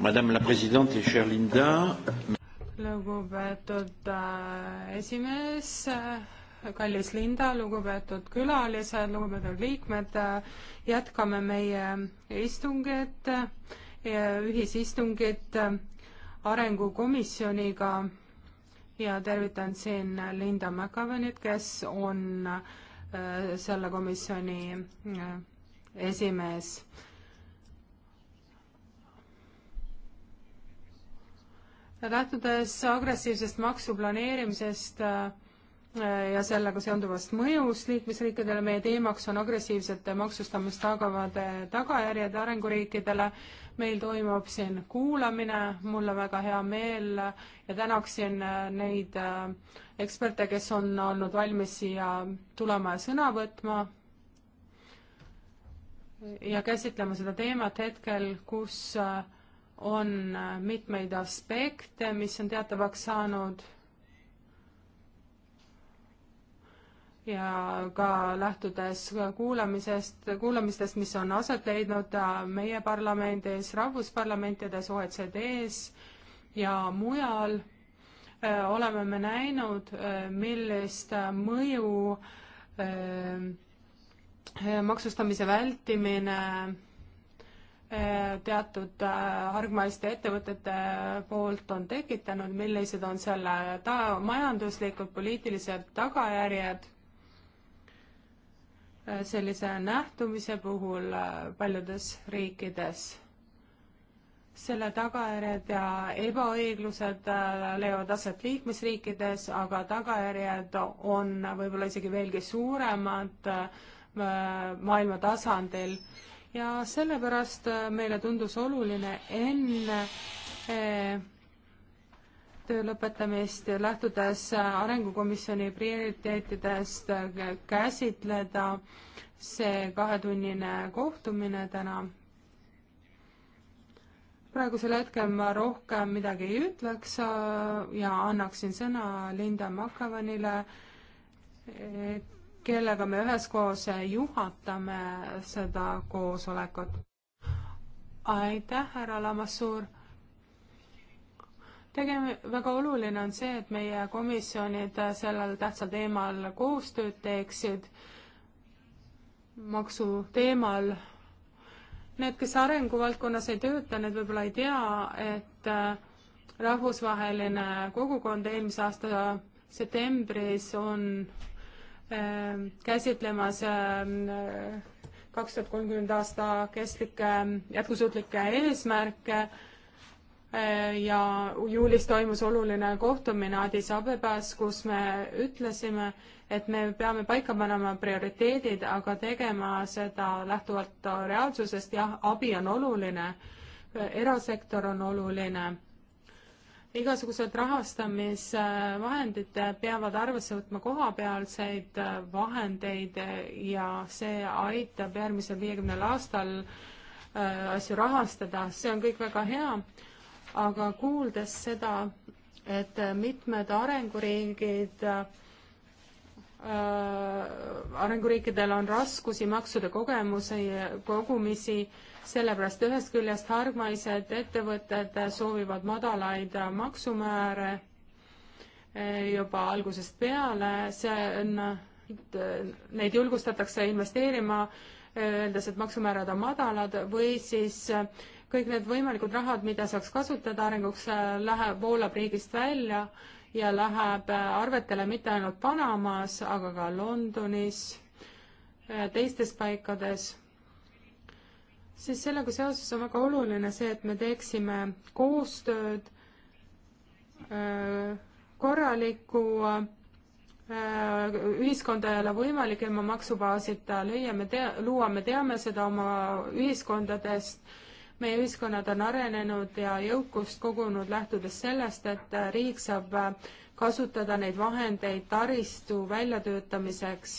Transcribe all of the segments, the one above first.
Madame la Presidente, cher Linda. lugupeetud äh, esimees, äh, kallis Linda, lugupeetud külalised, lugupeetud liikmed, äh, jätkame meie istungit, ühisistungit arengukomisjoniga ja tervitan siin Linda Mäkavenit, kes on selle komisjoni esimees lähtudes agressiivsest maksuplaneerimisest äh, ja sellega seonduvast mõjust liikmesriikidele, meie teemaks on agressiivsete maksustamist tagavad äh, tagajärjed arenguriikidele. meil toimub siin kuulamine, mul on väga hea meel äh, ja tänaksin neid eksperte, kes on olnud valmis siia tulema ja sõna võtma ja käsitlema seda teemat hetkel, kus äh, on äh, mitmeid aspekte, mis on teatavaks saanud ja ka lähtudes kuulamisest, kuulamistest, mis on aset leidnud äh, meie parlamendis, rahvusparlamentides, OECD-s ja mujal, äh, oleme me näinud, millist mõju öö, maksustamise vältimine Äh, teatud äh, hargmaiste ettevõtete äh, poolt on tekitanud, millised on selle ta-, majanduslikud, poliitilised tagajärjed sellise nähtumise puhul paljudes riikides. selle tagajärjed ja ebaõiglused leiavad aset liikmesriikides, aga tagajärjed on võib-olla isegi veelgi suuremad maailma tasandil ja sellepärast äh, meile tundus oluline enne äh, töö lõpetamist, lähtudes äh, Arengukomisjoni prioriteetidest, käsitleda see kahetunnine kohtumine täna. praegusel hetkel ma rohkem midagi ei ütleks ja annaksin sõna Linda Makavanile, et kellega me üheskoos juhatame seda koosolekut. aitäh, härra Lamassuur. tegem-, väga oluline on see, et meie komisjonid sellel tähtsal teemal koostööd teeksid, maksu teemal. Need, kes arenguvaldkonnas ei tööta, need võib-olla ei tea, et äh, rahvusvaheline kogukond eelmise aasta septembris on Ähm, käsitlemas ähm, äh, kaks tuhat kolmkümmend aasta kestlikke ähm, jätkusuutlikke eesmärke äh, ja juulis toimus oluline kohtumine Addis Abebas, kus me ütlesime, et me peame paika panema prioriteedid, aga tegema seda lähtuvalt reaalsusest, jah, abi on oluline, erasektor on oluline igasugused rahastamisvahendid peavad arvesse võtma kohapealseid vahendeid ja see aitab järgmisel viiekümnel aastal äh, asju rahastada, see on kõik väga hea, aga kuuldes seda, et mitmed arenguriigid äh,, arenguriikidel on raskusi maksude kogemusi, kogumisi äh, sellepärast ühest küljest hargmaised ettevõtted soovivad madalaid maksumääre eh, juba algusest peale, see on, eh, neid julgustatakse investeerima, eh, öeldes, et maksumäärad on madalad või siis kõik need võimalikud rahad, mida saaks kasutada arenguks, läheb, voolab riigist välja ja läheb arvetele mitte ainult Panamas, aga ka Londonis, teistes paikades siis sellega seoses on väga oluline see, et me teeksime koostööd äh, korraliku äh, ühiskondadele võimalikema maksubaasita lüüa, me tea, luua, me teame seda oma ühiskondadest, meie ühiskonnad on arenenud ja jõukust kogunud lähtudes sellest, et riik saab äh, kasutada neid vahendeid taristu väljatöötamiseks.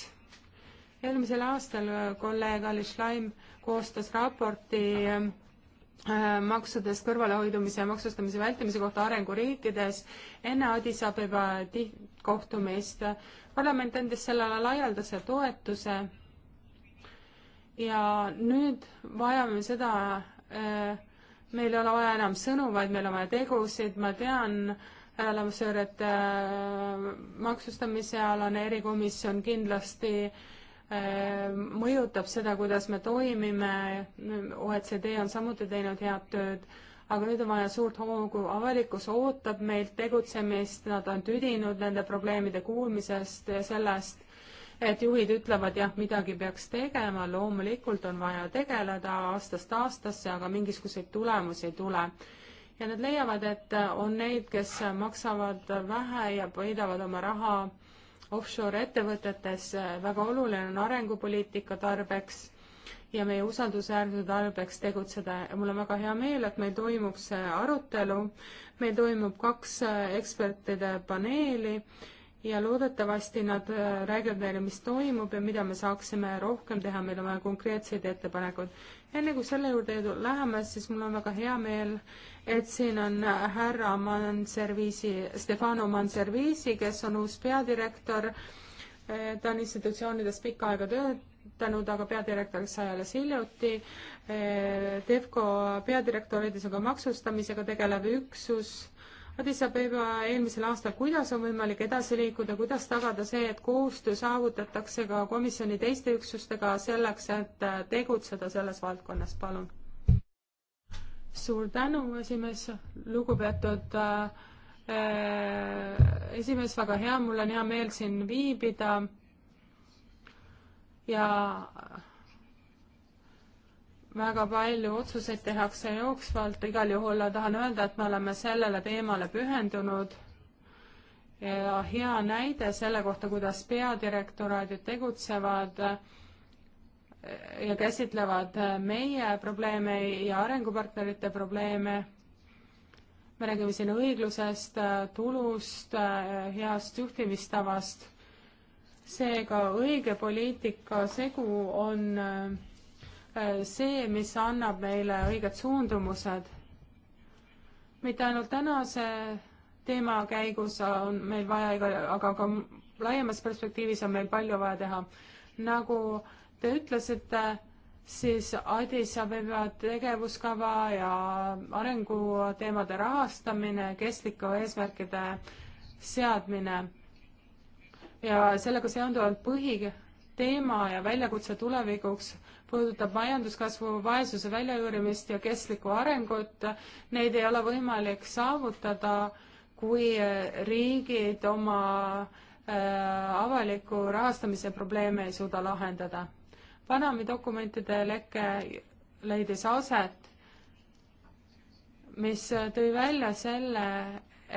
eelmisel aastal kolleeg Ali Schleim äh, koostas raporti ähm, äh, maksudest kõrvalehoidumise ja maksustamise vältimise kohta arenguriikides enne Addis Abeba tihtkohtumist. parlament andis sellele laialdase toetuse ja nüüd vajame seda, äh, meil ei ole vaja enam sõnu, vaid meil on vaja tegusid, ma tean, härra äh, Lamsöör, et maksustamise alane erikomisjon kindlasti äh, Ehm, mõjutab seda, kuidas me toimime, OECD on samuti teinud head tööd, aga nüüd on vaja suurt hoogu, avalikkus ootab meilt tegutsemist, nad on tüdinud nende probleemide kuulmisest ja sellest, et juhid ütlevad, jah, midagi peaks tegema, loomulikult on vaja tegeleda aastast aastasse, aga mingisuguseid tulemusi ei tule ja nad leiavad, et on neid, kes maksavad vähe ja võidavad oma raha offshore-ettevõtetes, äh, väga oluline on arengupoliitika tarbeks ja meie usaldusväärsuse tarbeks tegutseda ja mul on väga hea meel, et meil toimub see arutelu, meil toimub kaks äh, ekspertide paneeli ja loodetavasti nad äh, räägivad meile, mis toimub ja mida me saaksime rohkem teha, meil on vaja konkreetseid ettepanekuid. enne kui selle juurde läheme, siis mul on väga hea meel, et siin on äh, härra Manserviisi, Stefano Manserviisi, kes on uus peadirektor. Äh, ta on institutsioonides pikka aega töötanud, aga peadirektoriks sai alles hiljuti. Devco peadirektorides on ka maksustamisega tegelev üksus Addis Abeba eelmisel aastal, kuidas on võimalik edasi liikuda, kuidas tagada see, et koostöö saavutatakse ka komisjoni teiste üksustega selleks, et äh, tegutseda selles valdkonnas, palun? suur tänu, esimees, lugupeetud äh, äh, esimees, väga hea, mul on hea meel siin viibida ja väga palju otsuseid tehakse jooksvalt, igal juhul tahan öelda, et me oleme sellele teemale pühendunud ja hea näide selle kohta, kuidas peadirektoraadid tegutsevad ja käsitlevad meie probleeme ja arengupartnerite probleeme. me räägime siin õiglusest, tulust, heast juhtimistavast. seega õige poliitika segu on Äh, see, mis annab meile õiged suundumused. mitte ainult tänase teema käigus on meil vaja, aga ka laiemas perspektiivis on meil palju vaja teha. nagu te ütlesite, siis Addis Abeba tegevuskava ja arenguteemade rahastamine, kestlike eesmärkide seadmine ja sellega seonduvalt põhiteema ja väljakutse tulevikuks puudutab majanduskasvu, vaesuse väljajuurimist ja kestlikku arengut, neid ei ole võimalik saavutada, kui riigid oma äh, avaliku rahastamise probleeme ei suuda lahendada. Panami dokumentide leke leidis aset, mis tõi välja selle,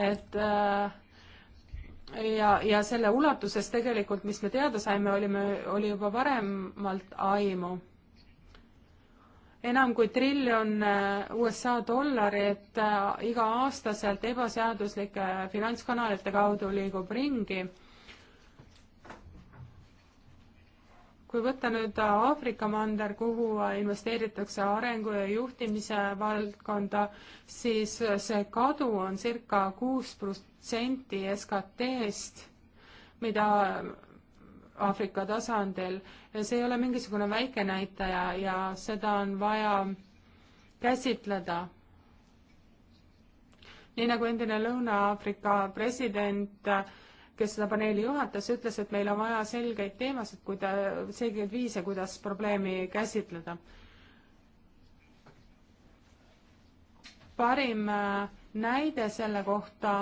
et äh, ja, ja selle ulatuses tegelikult, mis me teada saime, olime, oli juba varemalt aimu enam kui triljon äh, USA dollarit äh, iga-aastaselt ebaseaduslike finantskanalite kaudu liigub ringi. kui võtta nüüd äh, Aafrika mander, kuhu investeeritakse arengu ja juhtimise valdkonda, siis see kadu on circa kuus protsenti SKT-st, mida Aafrika tasandil. see ei ole mingisugune väike näitaja ja seda on vaja käsitleda. nii nagu endine Lõuna-Aafrika president, kes seda paneeli juhatas, ütles, et meil on vaja selgeid teemasid, kuida-, selgeid viise, kuidas probleemi käsitleda. parim äh, näide selle kohta,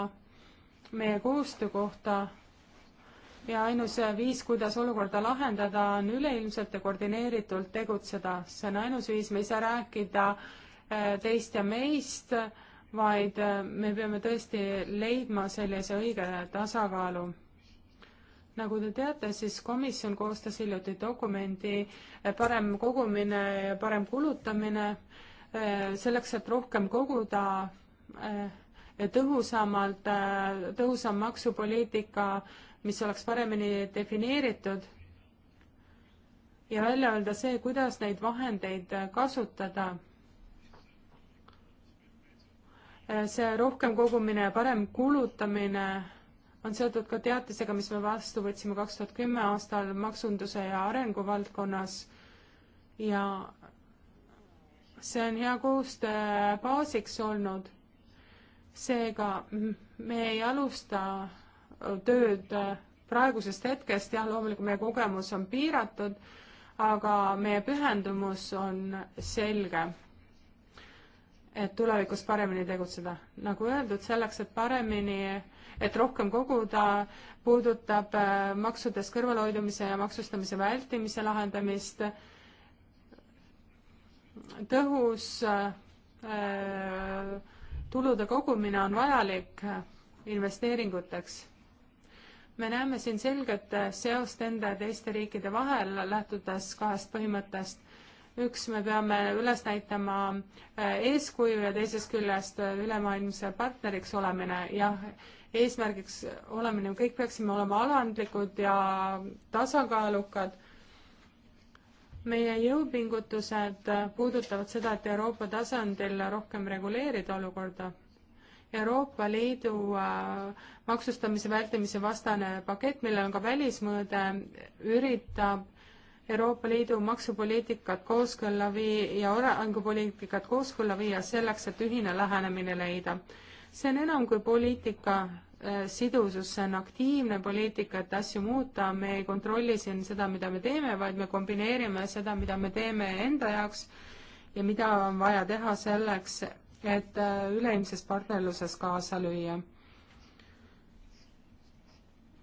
meie koostöö kohta ja ainus viis, kuidas olukorda lahendada, on üleilmselt ja koordineeritult tegutseda. see on ainus viis, me ei saa rääkida äh, teist ja meist, vaid äh, me peame tõesti leidma sellise õige tasakaalu. nagu te teate, siis komisjon koostas hiljuti dokumendi äh, Parem kogumine ja parem kulutamine, selleks, et rohkem koguda tõhusamalt, tõhusam maksupoliitika mis oleks paremini defineeritud ja välja öelda see, kuidas neid vahendeid kasutada. see rohkem kogumine ja parem kulutamine on seotud ka teatisega, mis me vastu võtsime kaks tuhat kümme aastal maksunduse ja arengu valdkonnas ja see on hea koostöö baasiks olnud. seega me ei alusta tööd äh, praegusest hetkest, jah, loomulikult meie kogemus on piiratud, aga meie pühendumus on selge, et tulevikus paremini tegutseda. nagu öeldud, selleks, et paremini, et rohkem koguda, puudutab äh, maksudest kõrvalehoidumise ja maksustamise vältimise lahendamist, tõhus äh, äh tulude kogumine on vajalik investeeringuteks me näeme siin selget äh, seost enda ja teiste riikide vahel, lähtudes kahest põhimõttest. üks, me peame üles näitama äh, eeskuju ja teisest küljest äh, ülemaailmse partneriks olemine. jah, eesmärgiks olemine, kõik peaksime olema alandlikud ja tasakaalukad meie jõupingutused puudutavad seda, et Euroopa tasandil rohkem reguleerida olukorda Euroopa Liidu äh, maksustamise vältimise vastane pakett, millel on ka välismõõde, üritab Euroopa Liidu maksupoliitikat kooskõlla vii- ja arengupoliitikat kooskõlla viia selleks, et ühine lähenemine leida. see on enam kui poliitika äh, sidusus, see on aktiivne poliitika, et asju muuta, me ei kontrolli siin seda, mida me teeme, vaid me kombineerime seda, mida me teeme enda jaoks ja mida on vaja teha selleks, et äh, üleilmses partnerluses kaasa lüüa.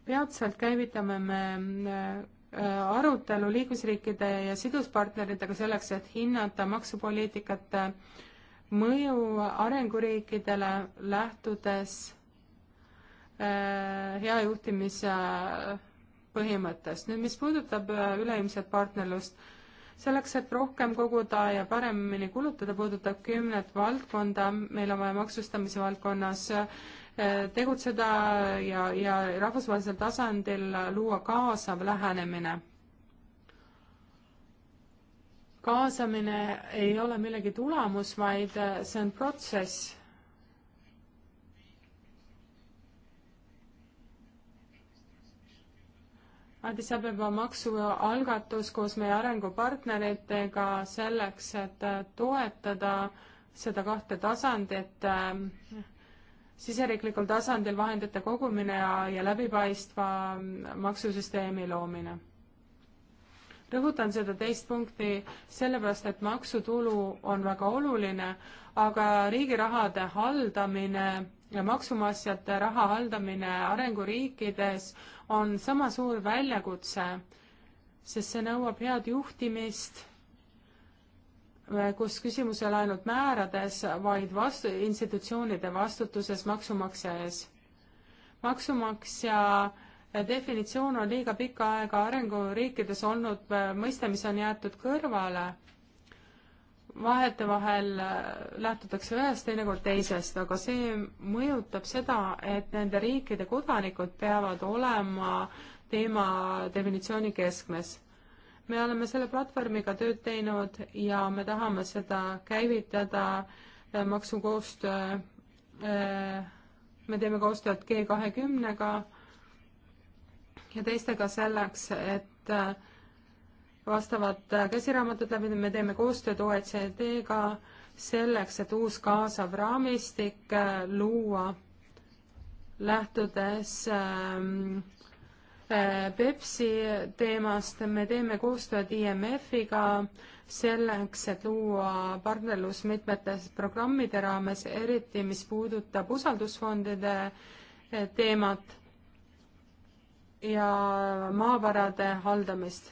peatselt käivitame me äh, arutelu liikmesriikide ja siduspartneritega selleks, et hinnata maksupoliitikate äh, mõju arenguriikidele, lähtudes hea juhtimise põhimõttest. nüüd, mis puudutab üleilmset partnerlust selleks, et rohkem koguda ja paremini kulutada, puudutab kümnet valdkonda, meil on vaja maksustamise valdkonnas eh, tegutseda ja, ja rahvusvahelisel tasandil luua kaasav lähenemine kaasamine ei ole millegi tulemus, vaid eh, see on protsess Addis Abeba maksualgatus koos meie arengupartneritega selleks, et äh, toetada seda kahte tasandit, äh, siseriiklikul tasandil vahendite kogumine ja, ja läbipaistva äh, maksusüsteemi loomine. rõhutan seda teist punkti sellepärast, et maksutulu on väga oluline, aga riigi rahade haldamine ja maksumaksjate raha haldamine arenguriikides on sama suur väljakutse, sest see nõuab head juhtimist, eh, kus küsimus ei ole ainult määrades, vaid vastu, institutsioonide vastutuses maksumaksja ees. maksumaksja eh, definitsioon on liiga pikka aega arenguriikides olnud eh, mõiste, mis on jäetud kõrvale vahetevahel äh, lähtutakse ühest, teinekord teisest, aga see mõjutab seda, et nende riikide kodanikud peavad olema teema definitsiooni keskmes. me oleme selle platvormiga tööd teinud ja me tahame seda käivitada äh, maksukoostöö, äh, me teeme koostööd G kahekümnega ja teistega selleks, et vastavad käsiraamatud läbi, me teeme koostööd OECD-ga selleks, et uus kaasav raamistik äh, luua, lähtudes ähm, äh, Pepsi teemast, me teeme koostööd IMF-iga selleks, et luua partnerlus mitmetes programmide raames, eriti mis puudutab usaldusfondide äh, teemat ja maavarade haldamist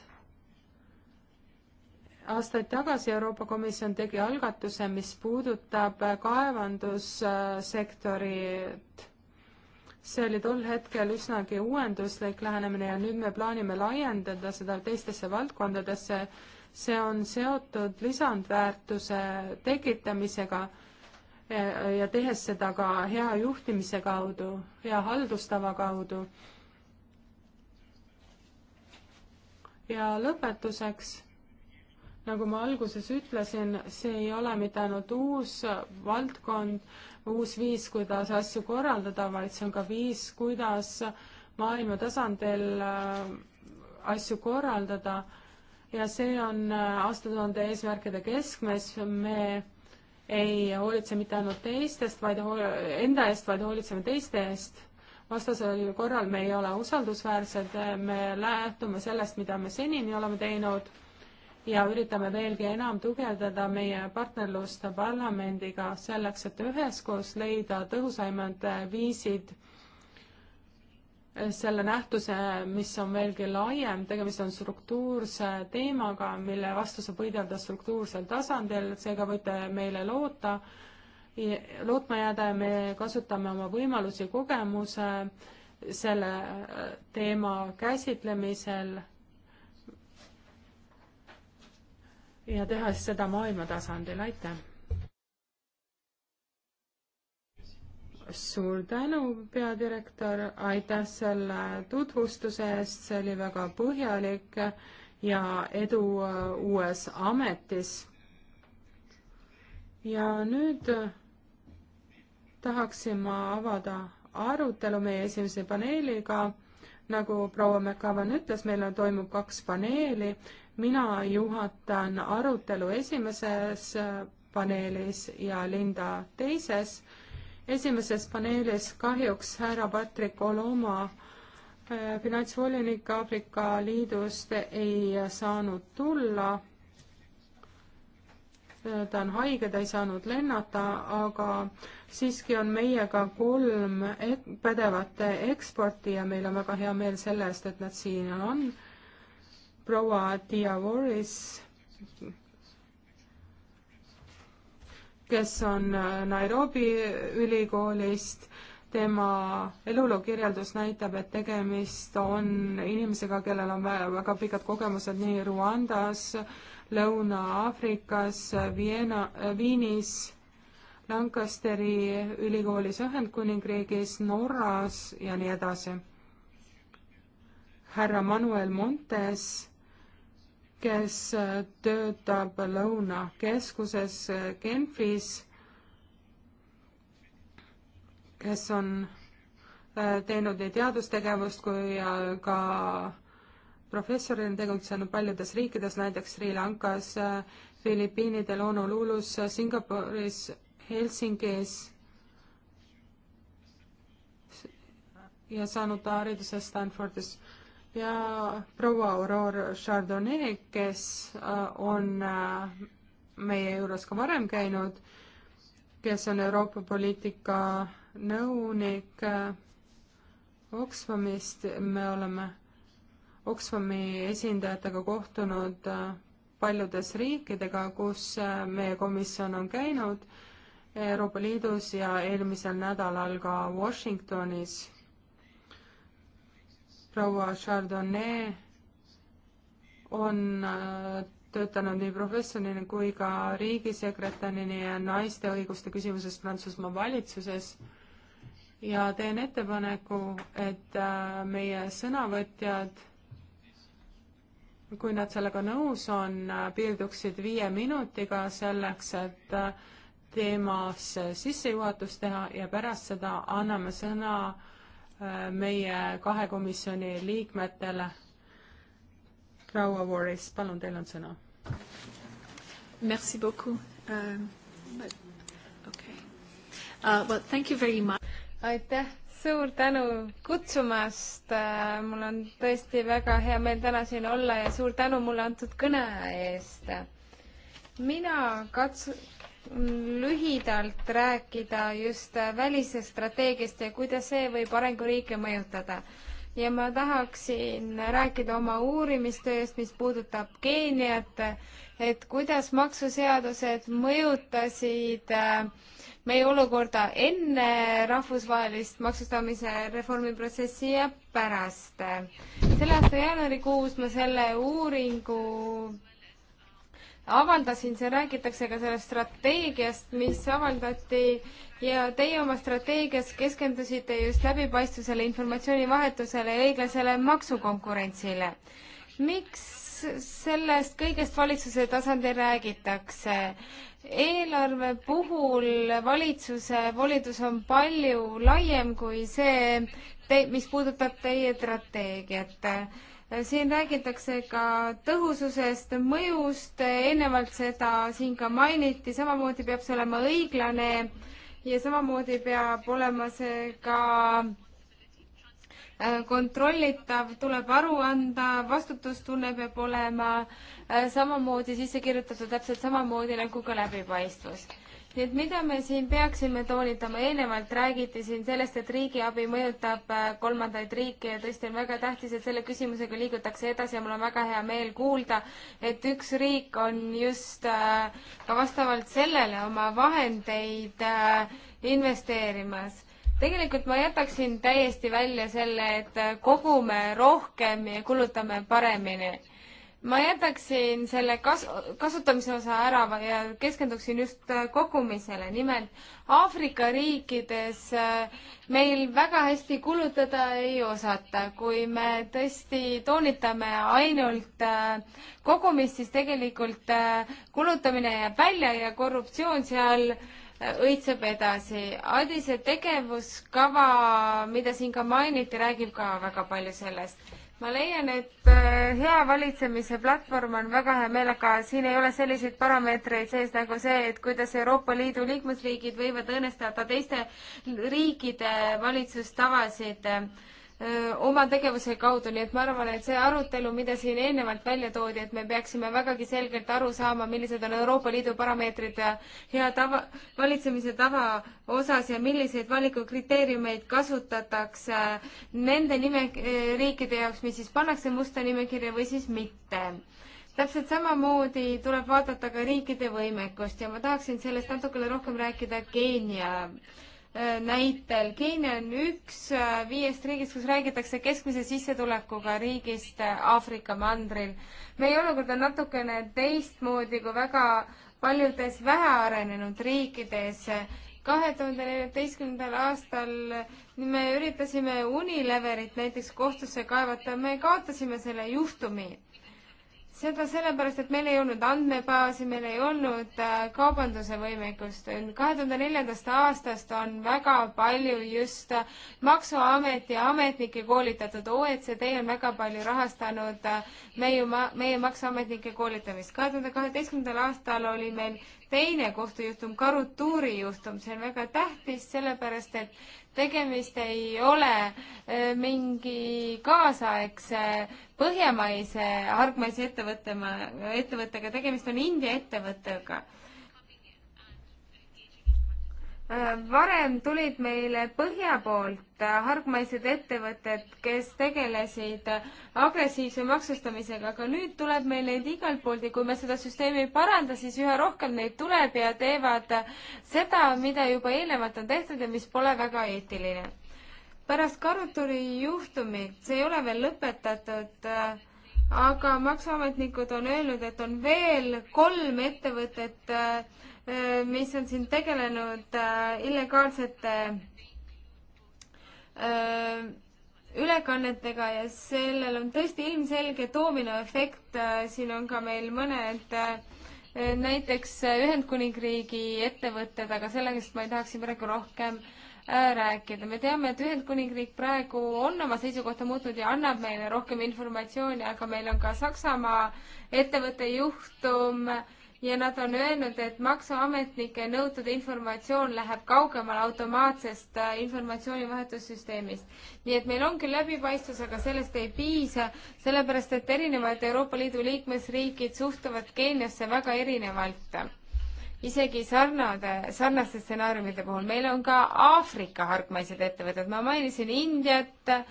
aastaid tagasi Euroopa Komisjon tegi algatuse, mis puudutab kaevandussektorit. see oli tol hetkel üsnagi uuenduslik lähenemine ja nüüd me plaanime laiendada seda teistesse valdkondadesse. see on seotud lisandväärtuse tekitamisega ja tehes seda ka hea juhtimise kaudu, hea haldustava kaudu. ja lõpetuseks nagu ma alguses ütlesin, see ei ole mitte ainult uus valdkond, uus viis, kuidas asju korraldada, vaid see on ka viis, kuidas maailma tasandil äh, asju korraldada ja see on äh, aastatuhande eesmärkide keskmes, me ei hoolitse mitte ainult teistest, vaid enda eest, vaid hoolitseme teiste eest vastasel korral me ei ole usaldusväärsed, me lähtume sellest, mida me senini oleme teinud ja üritame veelgi enam tugevdada meie partnerlust parlamendiga selleks, et üheskoos leida tõhusaimad viisid selle nähtuse, mis on veelgi laiem, tegemist on struktuurse teemaga, mille vastu saab võidelda struktuursel tasandil, seega võite meile loota, lootma jääda ja me kasutame oma võimalusi, kogemuse selle teema käsitlemisel ja teha siis seda maailma tasandil, aitäh! suur tänu, peadirektor, aitäh selle tutvustuse eest, see oli väga põhjalik ja edu äh, uues ametis. ja nüüd äh, tahaksin ma avada arutelu meie esimese paneeliga nagu proua McCavan ütles, meil on, toimub kaks paneeli, mina juhatan arutelu esimeses äh, paneelis ja Linda teises. esimeses paneelis kahjuks härra Patrick Oloma äh, finantsvolinik Aafrika Liidust ei saanud tulla ta on haige, ta ei saanud lennata, aga siiski on meiega kolm ek pädevat eksporti ja meil on väga hea meel selle eest, et nad siin on. proua Diavoris, kes on Nairobi ülikoolist, tema eluloo kirjeldus näitab, et tegemist on inimesega, kellel on väga pikad kogemused nii Ruandas, Lõuna-Aafrikas, Viena, Viinis, Lancasteri ülikoolis Ühendkuningriigis, Norras ja nii edasi. härra Manuel Montes, kes töötab Lõunakeskuses Genfis, kes on äh, teinud nii teadustegevust kui ka professorina tegutsenud paljudes riikides, näiteks Sri Lankas, Filipiinidel, Honolulus, Singapuris, Helsingis ja saanud hariduse Stanfordis. ja proua Aurore Chardonnay, kes äh, on äh, meie juures ka varem käinud, kes on Euroopa poliitika nõunik äh, Oxfamist, me oleme Oxfami esindajatega kohtunud äh, paljudes riikidega, kus äh, meie komisjon on käinud Euroopa Liidus ja eelmisel nädalal ka Washingtonis. proua Chardonnay on äh, töötanud nii professorina kui ka riigisekretärina ja naiste õiguste küsimuses Prantsusmaa valitsuses ja teen ettepaneku, et meie sõnavõtjad kui nad sellega nõus on, piirduksid viie minutiga selleks, et äh, teemasse sissejuhatus teha ja pärast seda anname sõna äh, meie kahe komisjoni liikmetele. proua Warris, palun, teil on sõna. Merci beaucoup um,. But, okay. uh, well, thank you very much. aitäh suur tänu kutsumast, mul on tõesti väga hea meel täna siin olla ja suur tänu mulle antud kõne eest. mina katsu-, lühidalt rääkida just välisest strateegiast ja kuidas see võib arenguriike mõjutada. ja ma tahaksin rääkida oma uurimistööst, mis puudutab Keeniat, et kuidas maksuseadused mõjutasid äh, meie olukorda enne rahvusvahelist maksustamise reformi protsessi ja pärast. selle aasta jaanuarikuus ma selle uuringu avaldasin, seal räägitakse ka sellest strateegiast, mis avaldati ja teie oma strateegias keskendusite just läbipaistvusele, informatsioonivahetusele ja õiglasele maksukonkurentsile. miks sellest kõigest valitsuse tasandil räägitakse? eelarve puhul valitsuse volitus on palju laiem kui see, mis puudutab teie strateegiat. siin räägitakse ka tõhususest, mõjust, eelnevalt seda siin ka mainiti, samamoodi peab see olema õiglane ja samamoodi peab olema see ka äh, Äh, kontrollitav, tuleb aru anda, vastutustunne peab olema äh, samamoodi sisse kirjutatud, täpselt samamoodi nagu ka läbipaistvus nii et mida me siin peaksime toonitama, eelnevalt räägiti siin sellest, et riigiabi mõjutab äh, kolmandaid riike ja tõesti on väga tähtis, et selle küsimusega liigutakse edasi ja mul on väga hea meel kuulda, et üks riik on just ka vastavalt sellele oma vahendeid investeerimas tegelikult ma jätaksin täiesti välja selle, et kogume rohkem ja kulutame paremini. ma jätaksin selle kas-, kasutamise osa ära ja keskenduksin just kogumisele, nimelt Aafrika riikides äh, meil väga hästi kulutada ei osata, kui me tõesti toonitame ainult äh, kogumist, siis tegelikult äh, kulutamine jääb välja ja korruptsioon seal äh, õitseb edasi. Adise tegevuskava, mida siin ka mainiti, räägib ka väga palju sellest. ma leian, et äh, hea valitsemise platvorm on väga hea meel, aga siin ei ole selliseid parameetreid sees nagu see, et kuidas Euroopa Liidu liikmesriigid võivad õõnestada teiste riikide valitsustavasid äh, oma tegevuse kaudu, nii et ma arvan, et see arutelu, mida siin eelnevalt välja toodi, et me peaksime vägagi selgelt aru saama, millised on Euroopa Liidu parameetrid hea tava, valitsemise tava osas ja milliseid valikukriteeriumeid kasutatakse nende nime, riikide jaoks, mis siis pannakse musta nimekirja või siis mitte täpselt samamoodi tuleb vaadata ka riikide võimekust ja ma tahaksin sellest natukene rohkem rääkida Keenia äh, Äh, näitel. Keenia on üks äh, viiest riigist, kus räägitakse keskmise sissetulekuga riigist äh, Aafrika mandril. meie olukord on natukene teistmoodi kui väga paljudes vähearenenud riikides. kahe tuhande neljateistkümnendal aastal me üritasime Unileverit näiteks kohtusse kaevata, me kaotasime selle juhtumi seda sellepärast, et meil ei olnud andmebaasi, meil ei olnud äh, kaubanduse võimekust. kahe tuhande neljandast aastast on väga palju just äh, Maksuameti ametnikke koolitatud. OECD on väga palju rahastanud äh, meie, meie maksuametnike koolitamist. kahe tuhande kaheteistkümnendal aastal oli meil teine kohtujuhtum, Karutuuri juhtum. see on väga tähtis, sellepärast et tegemist ei ole äh, mingi kaasaegse põhjamaise hargmaise ettevõttega, tegemist on India ettevõttega varem tulid meile põhja poolt hargmaised ettevõtted, kes tegelesid agressiivse maksustamisega, aga nüüd tuleb meil neid igalt poolt ja kui me seda süsteemi ei paranda, siis üha rohkem neid tuleb ja teevad seda, mida juba eelnevalt on tehtud ja mis pole väga eetiline. pärast Karuturi juhtumit, see ei ole veel lõpetatud äh, aga maksuametnikud on öelnud, et on veel kolm ettevõtet, Äh, mis on siin tegelenud äh, illegaalsete äh, ülekannetega ja sellel on tõesti ilmselge doominoefekt, siin on ka meil mõned näiteks Ühendkuningriigi ettevõtted, aga sellest ma ei tahaks siin praegu rohkem rääkida. me teame, et Ühendkuningriik praegu on oma seisukohta muutnud ja annab meile rohkem informatsiooni, aga meil on ka Saksamaa ettevõtte juhtum äh, ja nad on öelnud, et maksuametnike nõutud informatsioon läheb kaugemale automaatsest äh, informatsioonivahetussüsteemist. nii et meil on küll läbipaistvus, aga sellest ei piisa, sellepärast et erinevad Euroopa Liidu liikmesriigid suhtuvad Keeniasse väga erinevalt isegi sarnade, sarnaste stsenaariumide puhul. meil on ka Aafrika hargmaised ettevõtted, ma mainisin Indiat äh,,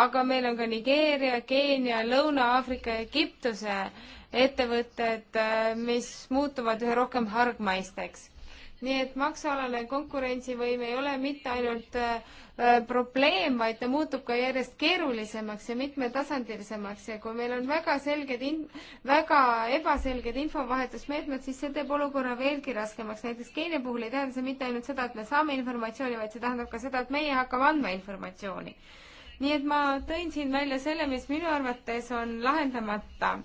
aga meil on ka Nigeeria, Keenia, Lõuna-Aafrika, Egiptuse äh, ettevõtted, äh, mis muutuvad üha rohkem hargmaisteks nii et maksualane konkurentsivõime ei ole mitte ainult äh, äh, probleem, vaid ta muutub ka järjest keerulisemaks ja mitmetasandilisemaks ja kui meil on väga selged in-, väga ebaselged infovahetusmeetmed, siis see teeb olukorra veelgi raskemaks. näiteks Keenia puhul ei tähenda see mitte ainult seda, et me saame informatsiooni, vaid see tähendab ka seda, et meie hakkame andma informatsiooni. nii et ma tõin siin välja selle, mis minu arvates on lahendamata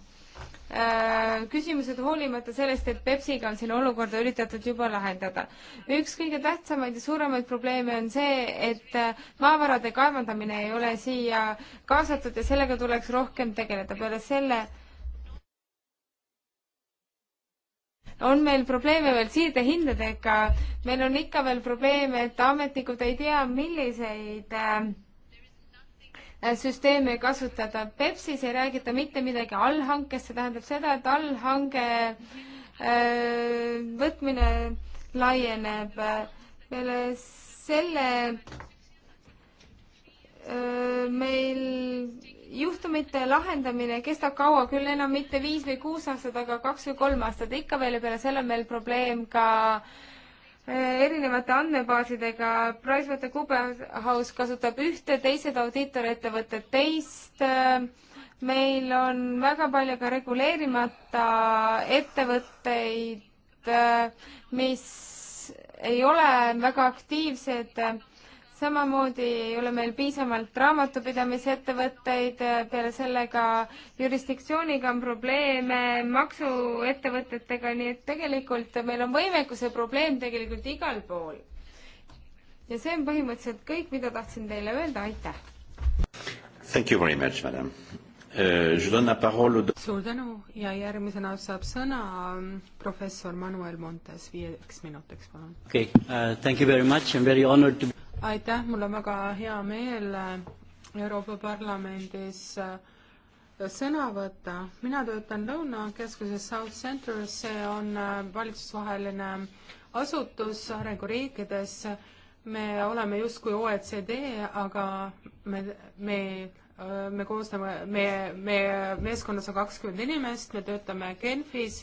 Äh, küsimused hoolimata sellest, et Pepsiga on siin olukorda üritatud juba lahendada. üks kõige tähtsamaid ja suuremaid probleeme on see, et äh, maavarade kaevandamine ei ole siia kaasatud ja sellega tuleks rohkem tegeleda. peale selle on meil probleeme veel siirdehindadega, meil on ikka veel probleeme, et ametnikud ei tea, milliseid äh, Äh, süsteemi kasutada. Pepsis ei räägita mitte midagi allhankest, see tähendab seda, et allhange äh, võtmine laieneb peale selle äh, meil juhtumite lahendamine kestab kaua, küll enam mitte viis või kuus aastat, aga kaks või kolm aastat, ikka veel ja peale selle on meil probleem ka äh, Eh, erinevate andmebaasidega, PricewaterhouseCoopers kasutab ühte, teised audiitorettevõtted teist, eh, meil on väga palju ka reguleerimata ettevõtteid, eh, mis ei ole väga aktiivsed samamoodi ei ole meil piisavalt raamatupidamisettevõtteid, äh, peale selle ka jurisdiktsiooniga on probleeme, maksuettevõtetega, nii et tegelikult meil on võimekuse probleem tegelikult igal pool. ja see on põhimõtteliselt kõik, mida tahtsin teile öelda, aitäh! Thank you very much, madam uh,. Je donne la parole au... suur tänu ja järgmisena saab sõna ähm, professor Manuel Montes viieks minutiks, palun. okei okay. uh,, thank you very much, I am very honored to aitäh, mul on väga hea meel äh, Euroopa Parlamendis äh, sõna võtta. mina töötan Lõunakeskuses South Centers, see on äh, valitsusvaheline asutus arenguriikides. me oleme justkui OECD, aga me, me me koostame, meie, meie meeskonnas on kakskümmend inimest, me töötame Genfis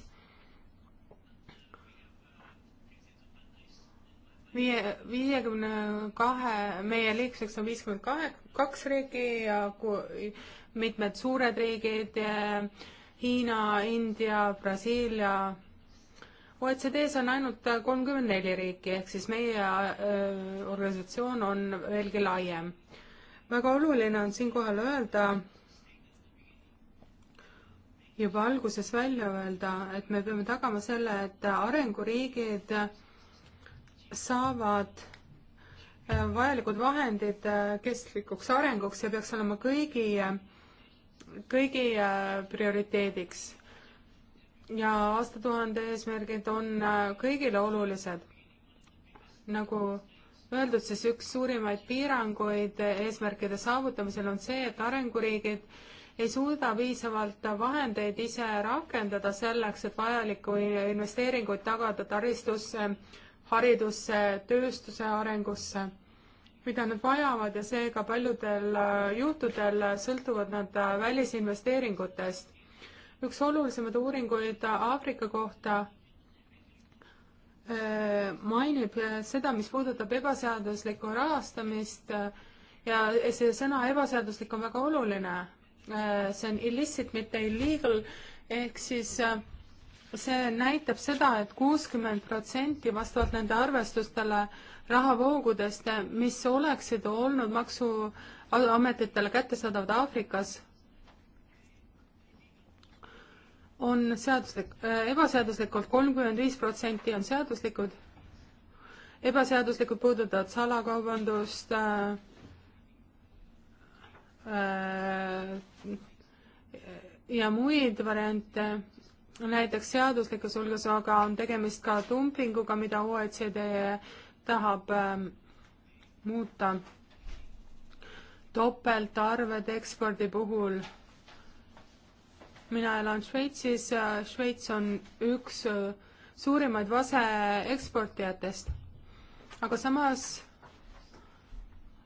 viie, viiekümne kahe, meie liikmeks on viiskümmend kahe, kaks riiki ja kui mitmed suured riigid, Hiina, India, Brasiilia. OECD-s on ainult kolmkümmend neli riiki, ehk siis meie öö, organisatsioon on veelgi laiem. väga oluline on siinkohal öelda, juba alguses välja öelda, et me peame tagama selle, et arenguriigid öö, saavad äh, vajalikud vahendid äh, kestlikuks arenguks ja peaks olema kõigi, äh, kõigi prioriteediks. ja aastatuhande eesmärgid on kõigile olulised. nagu öeldud, siis üks suurimaid piiranguid eesmärkide saavutamisel on see, et arenguriigid ei suuda piisavalt vahendeid ise rakendada selleks, et vajalikku investeeringuid tagada taristusse, haridusse, tööstuse arengusse, mida nad vajavad ja seega paljudel äh, juhtudel sõltuvad nad äh, välisinvesteeringutest. üks olulisemaid uuringuid äh, Aafrika kohta mainib seda, mis puudutab ebaseaduslikku rahastamist ja see sõna ebaseaduslik on väga oluline. see on illicit, mitte illegal ehk siis äh, see näitab seda et, et kuuskümmend protsenti vastavalt nende arvestustele rahavoogudest, mis oleksid olnud maksuametitele kättesaadavad Aafrikas, on seaduslik, äh, ebaseaduslikult kolmkümmend viis protsenti on seaduslikud, ebaseaduslikud puudutavad salakaubandust äh,, äh, ja muid variante näiteks seaduslikus hulgas, aga on tegemist ka dumpinguga, mida OECD tahab ähm, muuta. topeltarved ekspordi puhul. mina elan Šveitsis, äh, Šveits on üks äh, suurimaid vase eksportijatest. aga samas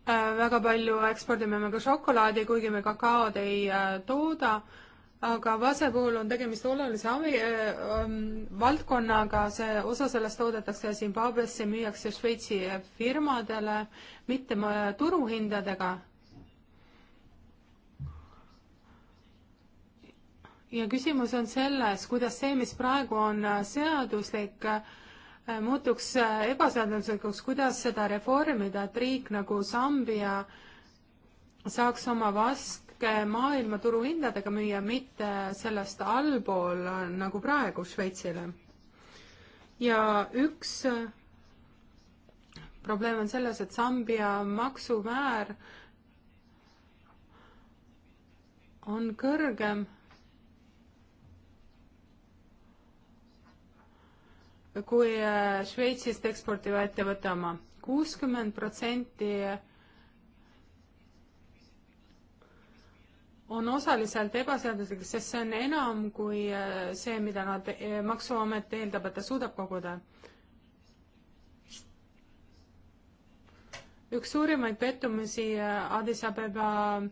äh, väga palju ekspordime me ka šokolaadi, kuigi me kakaod ei äh, tooda aga Vase puhul on tegemist olulise abi, äh, ähm, valdkonnaga, see, osa sellest toodetakse Zimbabwesse, müüakse Šveitsi firmadele, mitte turuhindadega. ja küsimus on selles, kuidas see, mis praegu on äh, seaduslik äh,, muutuks äh, ebaseaduslikuks, kuidas seda reformida, et riik nagu Sambia saaks oma vast-, kõrge äh, maailmaturu hindadega müüa, mitte sellest allpool, äh, nagu praegu Šveitsile. ja üks äh, probleem on selles, et Sambia maksumäär on kõrgem kui Šveitsist eksportiva ettevõtte oma. kuuskümmend protsenti on osaliselt ebaseaduslik, sest see on enam kui äh, see, mida nad, äh, Maksuamet eeldab, et ta suudab koguda. üks suurimaid pettumusi äh, Addis Abeba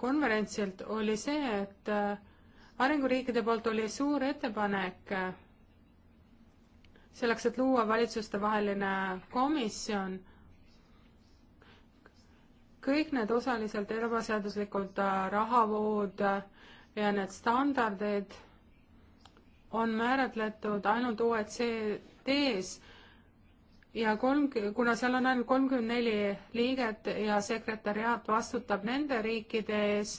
konverentsilt oli see, et arenguriikide poolt oli suur ettepanek selleks, et luua valitsustevaheline komisjon kõik need osaliselt ebaseaduslikult äh, rahavood äh, ja need standardid on määratletud ainult OECD-s ja kolm, kuna seal on ainult kolmkümmend neli liiget ja sekretäriaat vastutab nende riikide ees,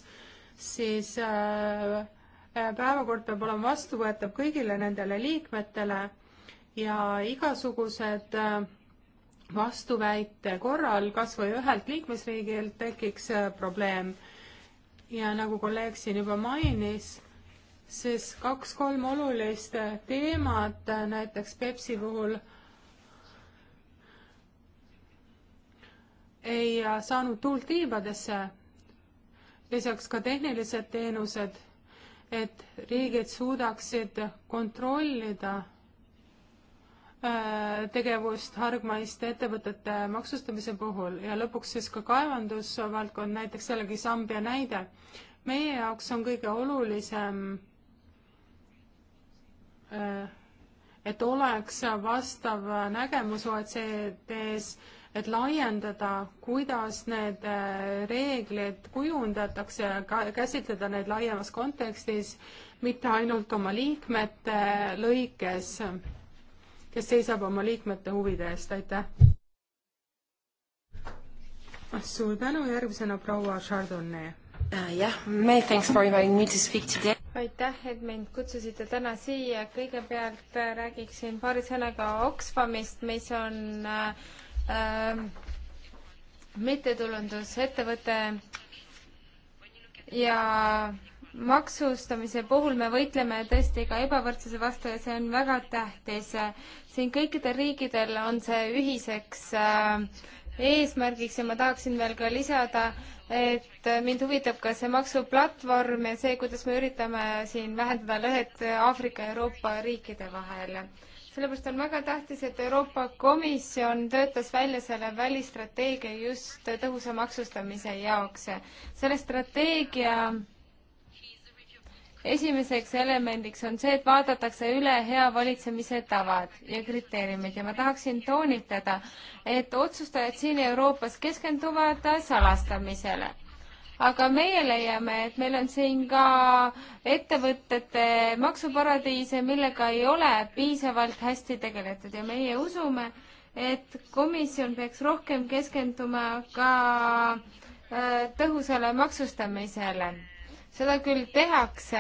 siis äh, päevakord peab olema vastuvõetav kõigile nendele liikmetele ja igasugused äh, vastuväite korral kas või ühelt liikmesriigilt tekiks äh, probleem. ja nagu kolleeg siin juba mainis, siis kaks-kolm olulist äh, teemat äh, näiteks Pepsi puhul ei saanud tuult tiibadesse. lisaks ka tehnilised teenused, et riigid suudaksid kontrollida Äh, tegevust hargmaiste ettevõtete maksustamise puhul ja lõpuks siis ka kaevandusvaldkond, näiteks jällegi Sambia näide. meie jaoks on kõige olulisem, äh, et oleks vastav nägemus OECD-s, et laiendada, kuidas need äh, reeglid kujundatakse ja käsitleda neid laiemas kontekstis, mitte ainult oma liikmete lõikes kes seisab oma liikmete huvide eest, aitäh! Ah, suur tänu, järgmisena proua Chardonnay. Ah, jah, many thanks for inviting me to speak today. aitäh, et mind kutsusite täna siia, kõigepealt äh, räägiksin paari sõnaga Oxfamist, mis on äh, ähm, mittetulundusettevõte ja maksustamise puhul me võitleme tõesti ka ebavõrdsuse vastu ja see on väga tähtis siin kõikidel riikidel on see ühiseks äh, eesmärgiks ja ma tahaksin veel ka lisada, et mind huvitab ka see maksuplatvorm ja see, kuidas me üritame siin vähendada lõhet Aafrika ja Euroopa riikide vahel. sellepärast on väga tähtis, et Euroopa Komisjon töötas välja selle välistrateegia just tõhusa maksustamise jaoks. selle strateegia esimeseks elemendiks on see, et vaadatakse üle hea valitsemise tavad ja kriteeriumid ja ma tahaksin toonitada, et otsustajad siin Euroopas keskenduvad salastamisele aga meie leiame, et meil on siin ka ettevõtete maksuparadiise, millega ei ole piisavalt hästi tegeletud ja meie usume, et komisjon peaks rohkem keskenduma ka äh, tõhusale maksustamisele seda küll tehakse,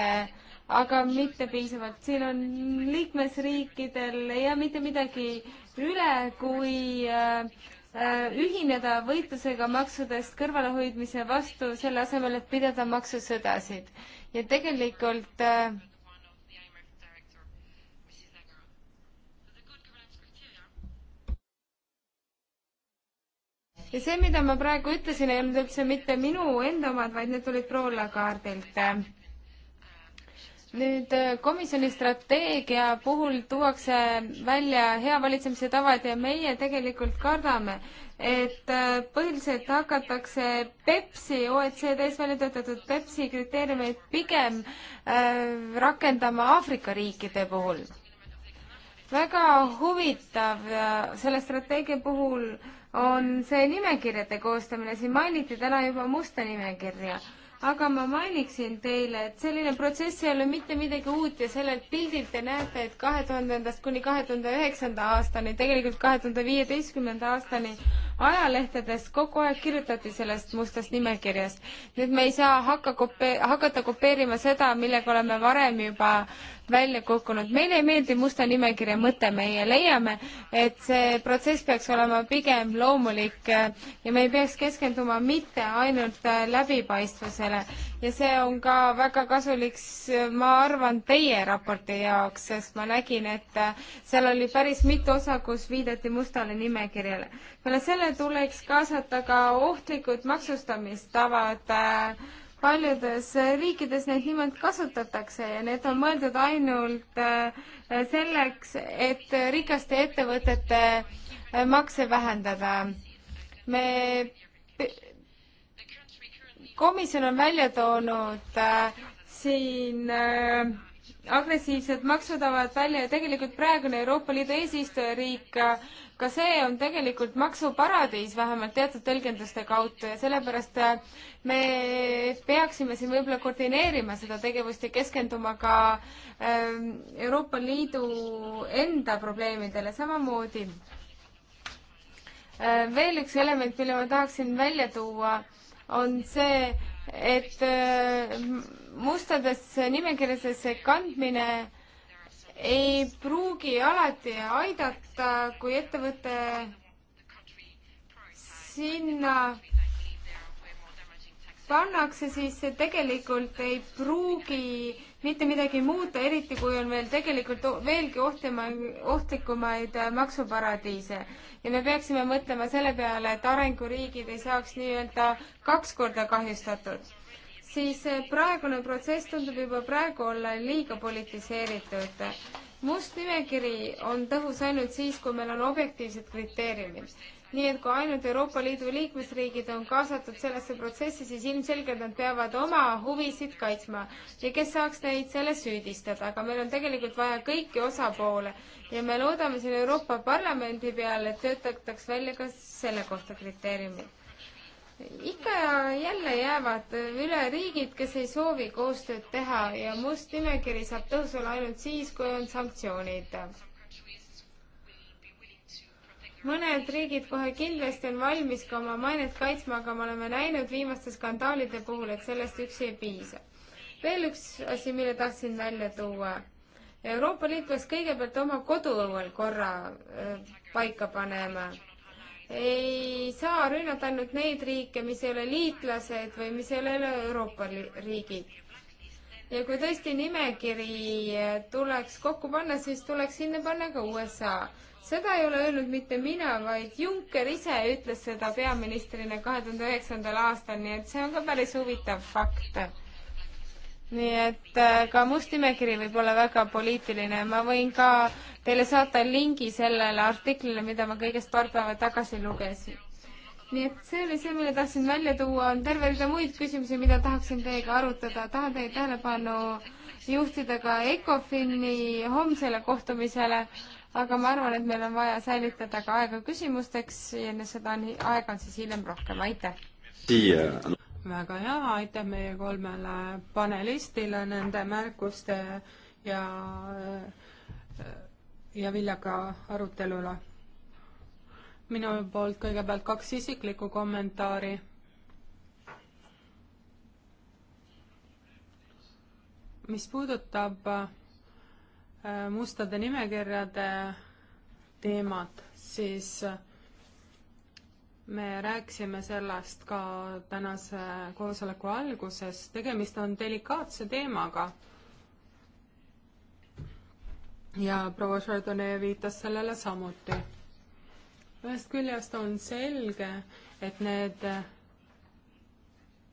aga mitte piisavalt. siin on liikmesriikidel ei jää mitte midagi üle, kui äh, äh, ühineda võitlusega maksudest kõrvalehoidmise vastu, selle asemel, et pidada maksusõdasid. ja tegelikult äh, ja see, mida ma praegu ütlesin, ei olnud üldse mitte minu enda omad, vaid need tulid proua Lagardilt. nüüd äh, komisjoni strateegia puhul tuuakse välja hea valitsemise tavad ja meie tegelikult kardame, et äh, põhiliselt hakatakse Pepsi, OECD-s välja töötatud Pepsi kriteeriumeid pigem äh, rakendama Aafrika riikide puhul. väga huvitav äh, selle strateegia puhul äh, on see nimekirjade koostamine, siin mainiti täna juba musta nimekirja, aga ma mainiksin teile, et selline protsess ei ole mitte midagi uut ja sellelt pildilt te näete, et kahe tuhandendast kuni kahe tuhande üheksanda aastani, tegelikult kahe tuhande viieteistkümnenda aastani ajalehtedes kogu aeg kirjutati sellest mustast nimekirjast. nüüd me ei saa hakka kope-, hakata kopeerima seda, millega oleme varem juba äh, välja kukkunud. meile ei meeldi musta nimekirja mõte, meie leiame, et see protsess peaks olema pigem loomulik äh, ja me ei peaks keskenduma mitte ainult äh, läbipaistvusele. ja see on ka väga kasulik, ma arvan, teie raporti jaoks, sest ma nägin, et äh, seal oli päris mitu osa, kus viidati mustale nimekirjale. peale selle tuleks kaasata ka ohtlikud maksustamistavad äh, paljudes riikides neid nimelt kasutatakse ja need on mõeldud ainult äh, selleks, et rikaste ettevõtete äh, makse vähendada. me, komisjon on välja toonud äh, siin äh, agressiivsed maksutavad välja ja tegelikult praegune Euroopa Liidu eesistujariik, ka see on tegelikult maksuparadiis vähemalt teatud tõlgenduste kaudu ja sellepärast äh, me peaksime siin võib-olla koordineerima seda tegevust ja keskenduma ka äh, Euroopa Liidu enda probleemidele samamoodi. Äh, veel üks element, mille ma tahaksin välja tuua, on see, et äh, mustadesse nimekirjadesse kandmine ei pruugi alati aidata, kui ettevõte sinna pannakse, siis see tegelikult ei pruugi mitte midagi muuta, eriti kui on veel tegelikult veelgi ohtima, ohtlikumaid äh, maksuparadiise. ja me peaksime mõtlema selle peale, et arenguriigid ei saaks nii-öelda kaks korda kahjustatud. siis äh, praegune protsess tundub juba praegu olla liiga politiseeritud. must nimekiri on tõhus ainult siis, kui meil on objektiivsed kriteeriumid nii et kui ainult Euroopa Liidu liikmesriigid on kaasatud sellesse protsessi, siis ilmselgelt nad peavad oma huvisid kaitsma ja kes saaks neid selles süüdistada, aga meil on tegelikult vaja kõiki osapoole ja me loodame siin Euroopa Parlamendi peale, et töötataks välja ka selle kohta kriteeriumid. ikka ja jälle jäävad üle riigid, kes ei soovi koostööd teha ja must nimekiri saab tõusule ainult siis, kui on sanktsioonid mõned riigid kohe kindlasti on valmis ka oma mainet kaitsma, aga me oleme näinud viimaste skandaalide puhul, et sellest üksi ei piisa. veel üks asi, mille tahtsin välja tuua. Euroopa Liit peaks kõigepealt oma koduõuel korra paika panema. ei saa rünnata ainult neid riike, mis ei ole liitlased või mis ei ole Euroopa riigid ja kui tõesti nimekiri äh, tuleks kokku panna, siis tuleks sinna panna ka USA seda ei ole öelnud mitte mina, vaid Juncker ise ütles seda peaministrina kahe tuhande üheksandal aastal, nii et see on ka päris huvitav fakt. nii et äh, ka must nimekiri võib olla väga poliitiline, ma võin ka teile saata lingi sellele artiklile, mida ma kõigest paar päeva tagasi lugesin. nii et see oli see, mille tahtsin välja tuua, on terve rida muid küsimusi, mida tahaksin teiega arutada, tahan teie tähelepanu juhtida ka ECOFIN-i homsele kohtumisele aga ma arvan, et meil on vaja säilitada ka aega küsimusteks ja seda on, aega on siis hiljem rohkem, aitäh! väga hea, aitäh meie kolmele panelistile nende märkuste ja, ja viljaka arutelule. minu poolt kõigepealt kaks isiklikku kommentaari. mis puudutab mustade nimekirjade teemat, siis me rääkisime sellest ka tänase koosoleku alguses, tegemist on delikaatse teemaga. ja proua Chardonnay viitas sellele samuti. ühest küljest on selge, et need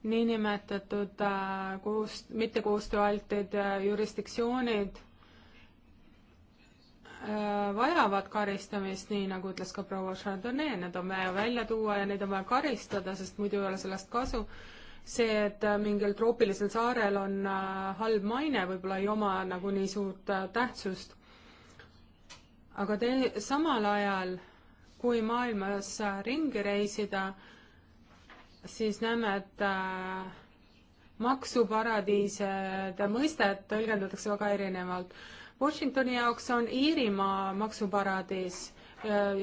niinimetatud äh, koos, mittekoostööaltid äh, jurisdiktsioonid Äh, vajavad karistamist, nii nagu ütles ka proua Chardonnay, need on vaja välja tuua ja neid on vaja karistada, sest muidu ei ole sellest kasu. see, et äh, mingil troopilisel saarel on äh, halb maine, võib-olla ei oma nagu nii suurt tähtsust. aga te samal ajal, kui maailmas ringi reisida, siis näeme, et maksuparadiiside mõistet tõlgendatakse väga erinevalt Washingtoni jaoks on Iirimaa maksuparadiis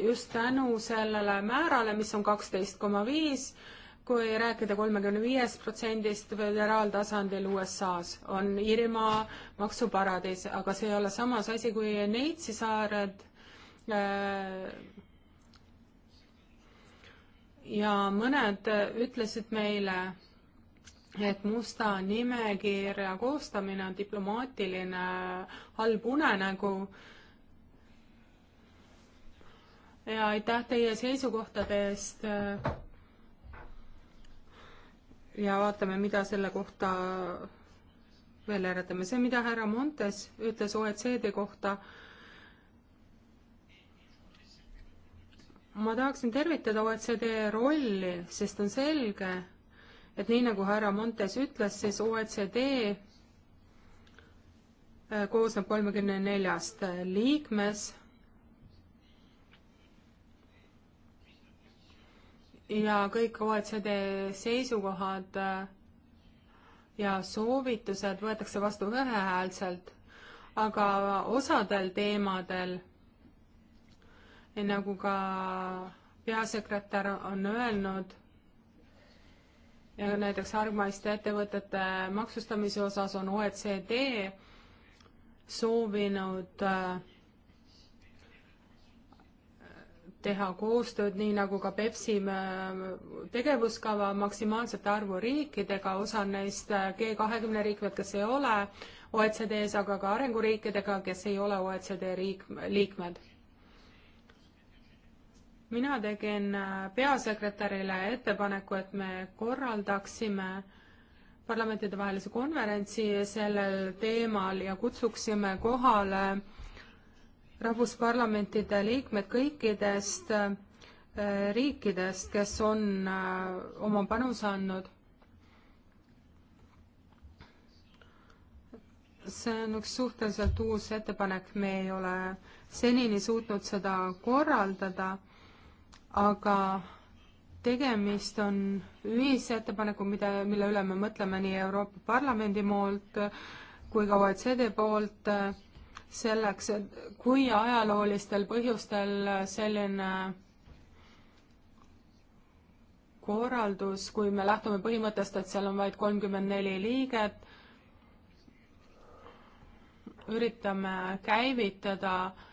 just tänu sellele määrale, mis on kaksteist koma viis, kui rääkida kolmekümne viiest protsendist föderaaltasandil USA-s, on Iirimaa maksuparadiis, aga see ei ole samas asi kui Neitsi saared äh, ja mõned ütlesid meile, et musta nimekirja koostamine on diplomaatiline halb unenägu. ja aitäh teie seisukohtade eest. ja vaatame, mida selle kohta veel hääletame. see, mida härra Montes ütles OECD kohta, ma tahaksin tervitada OECD rolli, sest on selge, et nii, nagu härra Montes ütles, siis OECD äh, koosneb kolmekümne neljast liikmes ja kõik OECD seisukohad äh, ja soovitused võetakse vastu ühehäälselt, aga osadel teemadel, nagu ka peasekretär on öelnud, näiteks hargmaiste ettevõtete maksustamise osas on OECD soovinud äh, teha koostööd, nii nagu ka Pepsi äh, tegevuskava maksimaalsete arvu riikidega, osa neist äh, G kahekümne liikmed, kes ei ole OECD-s, aga ka arenguriikidega, kes ei ole OECD riik, liikmed mina tegin äh, peasekretärile ettepaneku, et me korraldaksime parlamentidevahelise konverentsi sellel teemal ja kutsuksime kohale rahvusparlamentide liikmed kõikidest äh, riikidest, kes on äh, oma panuse andnud see on üks suhteliselt uus ettepanek, me ei ole senini suutnud seda korraldada aga tegemist on ühise ettepaneku, mida, mille üle me mõtleme nii Euroopa Parlamendi poolt kui ka OECD poolt, selleks, et kui ajaloolistel põhjustel selline korraldus, kui me lähtume põhimõttest, et seal on vaid kolmkümmend neli liiget, üritame käivitada äh,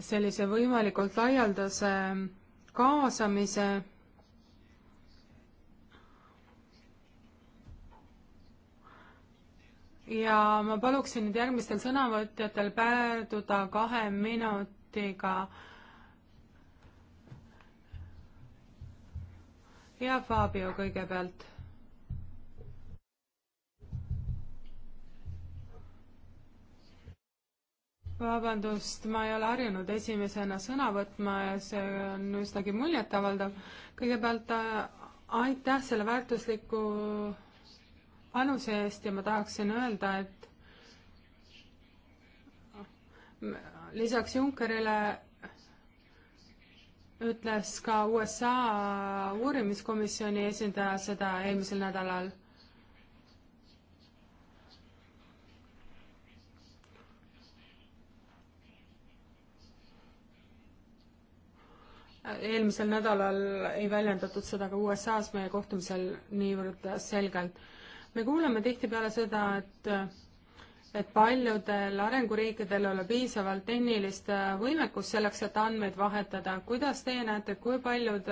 sellise võimalikult laialdase kaasamise ja ma paluksin nüüd järgmistel sõnavõtjatel pääduda kahe minutiga. ja Fabio kõigepealt vabandust, ma ei ole harjunud esimesena sõna võtma ja see on üsnagi muljetavaldav. kõigepealt äh, aitäh selle väärtusliku panuse eest ja ma tahaksin öelda, et lisaks Junckerile ütles ka USA uurimiskomisjoni esindaja seda eelmisel nädalal eelmisel nädalal ei väljendatud seda ka USA-s meie kohtumisel niivõrd selgelt. me kuuleme tihtipeale seda, et et paljudel arenguriikidel ei ole piisavalt tehnilist võimekust selleks, et andmeid vahetada. kuidas teie näete, kui paljud,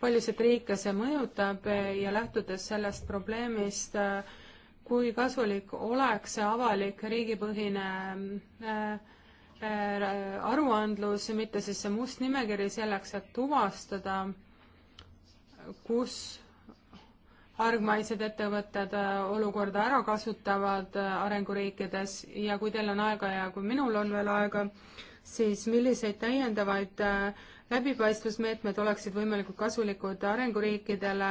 paljusid riike see mõjutab ja lähtudes sellest probleemist, kui kasulik oleks see avalik riigipõhine äh, Äh, aruandlus, mitte siis see must nimekiri selleks, et tuvastada, kus hargmaised ettevõtted äh, olukorda ära kasutavad äh, arenguriikides ja kui teil on aega ja kui minul on veel aega, siis milliseid täiendavaid läbipaistvusmeetmed oleksid võimalikult kasulikud arenguriikidele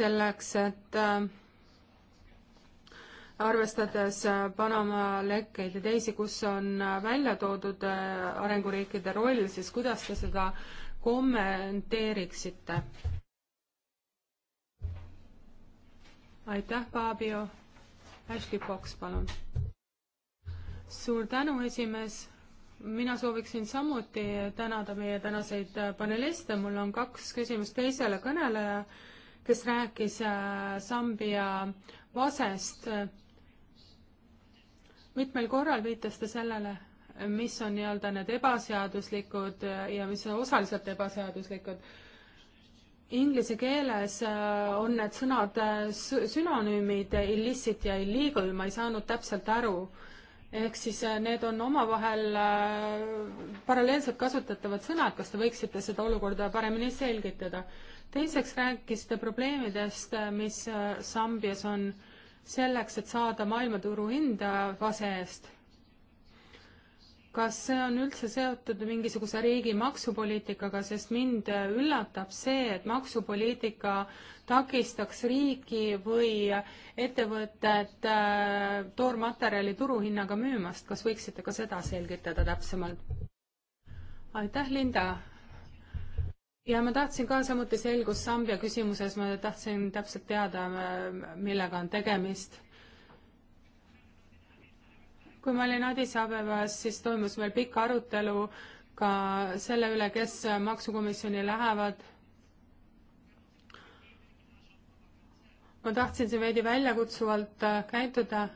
selleks, et arvestades äh, Panama lekkeid ja teisi, kus on äh, välja toodud äh, arenguriikide roll, siis kuidas te seda kommenteeriksite? aitäh, Fabio. Ashley Fox, palun. suur tänu, esimees. mina sooviksin samuti tänada meie tänaseid paneliste, mul on kaks küsimust teisele kõneleja, kes rääkis Sambia vasest mitmel korral viitas ta sellele, mis on nii-öelda need ebaseaduslikud ja mis on osaliselt ebaseaduslikud. Inglise keeles äh, on need sõnad äh, sünonüümid illicit ja illegal, ma ei saanud täpselt aru. ehk siis äh, need on omavahel paralleelselt kasutatavad sõnad, kas te võiksite seda olukorda paremini selgitada? teiseks rääkisite probleemidest, mis Sambias on äh, selleks, et saada maailmaturu hinda vase eest. kas see on üldse seotud mingisuguse riigi maksupoliitikaga, sest mind üllatab see, et maksupoliitika takistaks riiki või ettevõtet äh, toormaterjali turuhinnaga müümast, kas võiksite ka seda selgitada täpsemalt? aitäh, Linda, ja ma tahtsin ka samuti selgust Sambia küsimuses, ma tahtsin täpselt teada, millega on tegemist. kui ma olin Addis Abebas, siis toimus meil pikk arutelu ka selle üle, kes maksukomisjoni lähevad. ma tahtsin siin veidi väljakutsuvalt käituda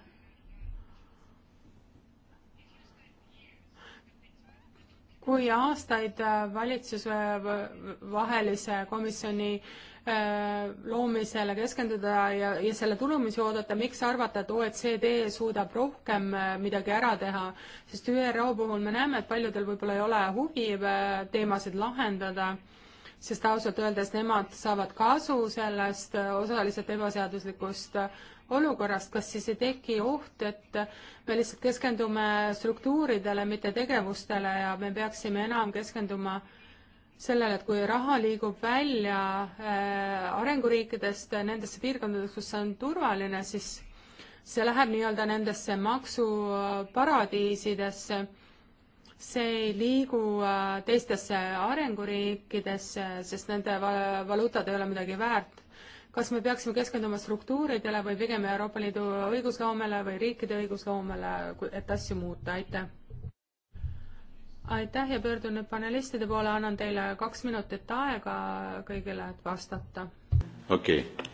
kui aastaid äh, valitsusevahelise komisjoni äh, loomisele keskenduda ja, ja selle tulemusi oodata, miks arvata, et OECD suudab rohkem äh, midagi ära teha, sest ÜRO puhul me näeme, et paljudel võib-olla ei ole huvi teemasid lahendada, sest ausalt öeldes nemad saavad kasu sellest osaliselt ebaseaduslikust olukorrast, kas siis ei teki oht, et me lihtsalt keskendume struktuuridele, mitte tegevustele ja me peaksime enam keskenduma sellele, et kui raha liigub välja äh, arenguriikidest nendesse piirkondadesse, kus see on turvaline, siis see läheb nii-öelda nendesse maksuparadiisidesse, see ei liigu äh, teistesse arenguriikidesse, sest nende valuutad ei ole midagi väärt kas me peaksime keskenduma struktuuridele või pigem Euroopa Liidu õigusloomele või riikide õigusloomele, et asju muuta, aitäh! aitäh ja pöördun nüüd panelistide poole, annan teile kaks minutit aega kõigile, et vastata. okei okay..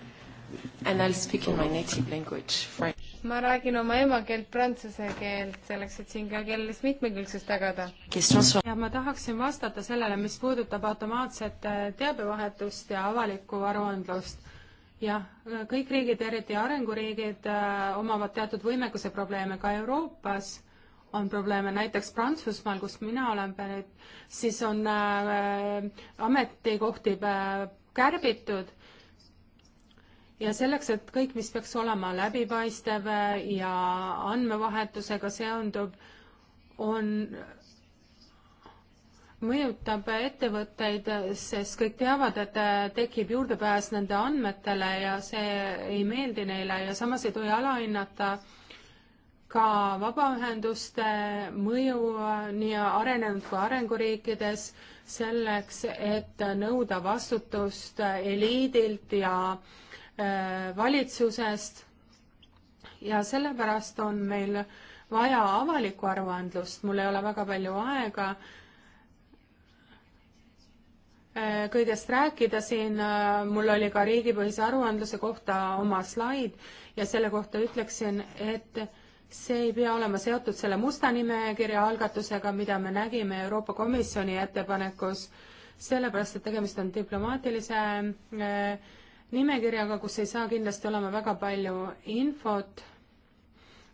And I will speak in my native language, french. ma räägin oma emakeelt prantsuse keelt, selleks et siin ka keeles mitmekülgsust tagada. ja ma tahaksin vastata sellele, mis puudutab automaatset teabevahetust ja avalikku aruandlust jah, kõik riigid, eriti arenguriigid, äh, omavad teatud võimekuse probleeme, ka Euroopas on probleeme, näiteks Prantsusmaal, kust mina olen pärit, siis on äh, ametikohti äh, kärbitud ja selleks, et kõik, mis peaks olema läbipaistev äh, ja andmevahetusega seonduv, on mõjutab ettevõtteid, sest kõik teavad, et äh, tekib juurdepääs nende andmetele ja see ei meeldi neile ja samas ei tohi alahinnata ka vabaühenduste mõju äh, nii arenenud kui arenguriikides selleks, et nõuda vastutust äh, eliidilt ja valitsusest. ja sellepärast on meil vaja avalikku aruandlust, mul ei ole väga palju aega Äh, kõigest rääkida siin, äh, mul oli ka riigipõhise aruandluse kohta oma slaid ja selle kohta ütleksin, et see ei pea olema seotud selle musta nimekirja algatusega, mida me nägime Euroopa Komisjoni ettepanekus, sellepärast et tegemist on diplomaatilise äh, nimekirjaga, kus ei saa kindlasti olema väga palju infot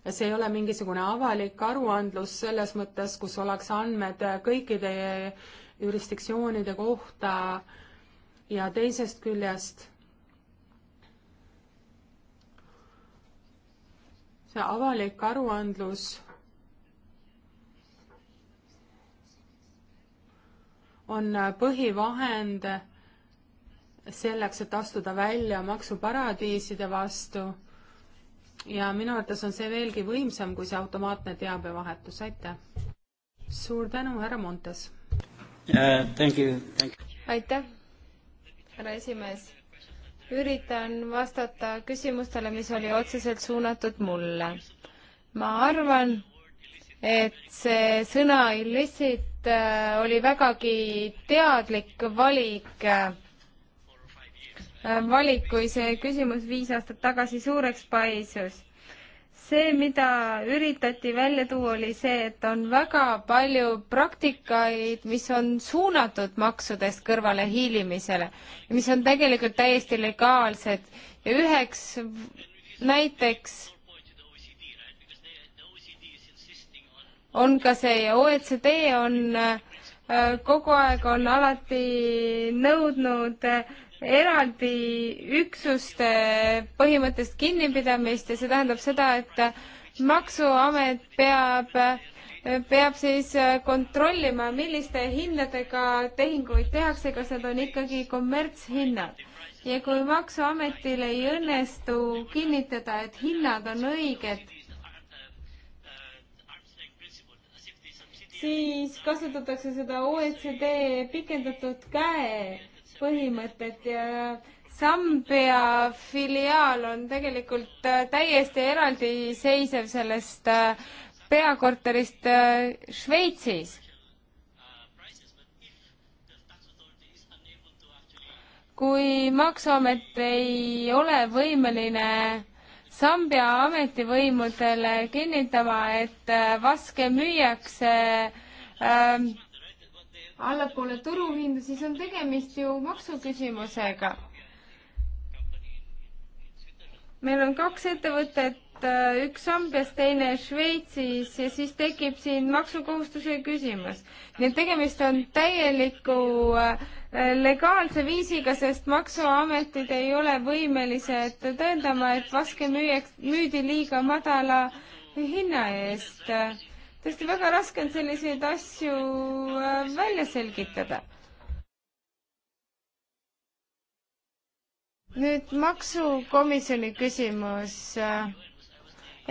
ja see ei ole mingisugune avalik aruandlus selles mõttes, kus oleks andmed kõikide jurisdiktsioonide kohta ja teisest küljest see avalik aruandlus on põhivahend selleks, et astuda välja maksuparadiiside vastu ja minu arvates on see veelgi võimsam kui see automaatne teabevahetus, aitäh! suur tänu, härra Montes! uh,? aitäh, härra esimees. üritan vastata küsimustele, mis oli otseselt suunatud mulle. ma arvan, et see sõna illicit äh, oli vägagi teadlik valik äh, valik, kui see küsimus viis aastat tagasi suureks paisus see, mida üritati välja tuua, oli see, et on väga palju praktikaid, mis on suunatud maksudest kõrvalehiilimisele ja mis on tegelikult täiesti legaalsed ja üheks näiteks on ka see ja OECD on äh, kogu aeg on alati nõudnud äh, eraldi üksuste põhimõttest kinnipidamist ja see tähendab seda, et maksuamet peab, peab siis kontrollima, milliste hindadega tehinguid tehakse, kas need on ikkagi kommertshinnad. ja kui Maksuametil ei õnnestu kinnitada, et hinnad on õiged, siis kasutatakse seda OECD pikendatud käe põhimõtet ja Sambia filiaal on tegelikult äh, täiesti eraldiseisev sellest äh, peakorterist äh, Šveitsis. kui Maksuamet ei ole võimeline Sambia ametivõimudele kinnitama, et vaske müüakse äh, allapoole turuhindu, siis on tegemist ju maksuküsimusega. meil on kaks ettevõtet, üks Sambias, teine Šveitsis ja siis tekib siin maksukohustuse küsimus. nii et tegemist on täieliku äh, legaalse viisiga, sest maksuametid ei ole võimelised tõendama, et vaske müüaks, müüdi liiga madala hinna eest tõesti väga raske on selliseid asju äh, välja selgitada. nüüd maksukomisjoni küsimus. Äh,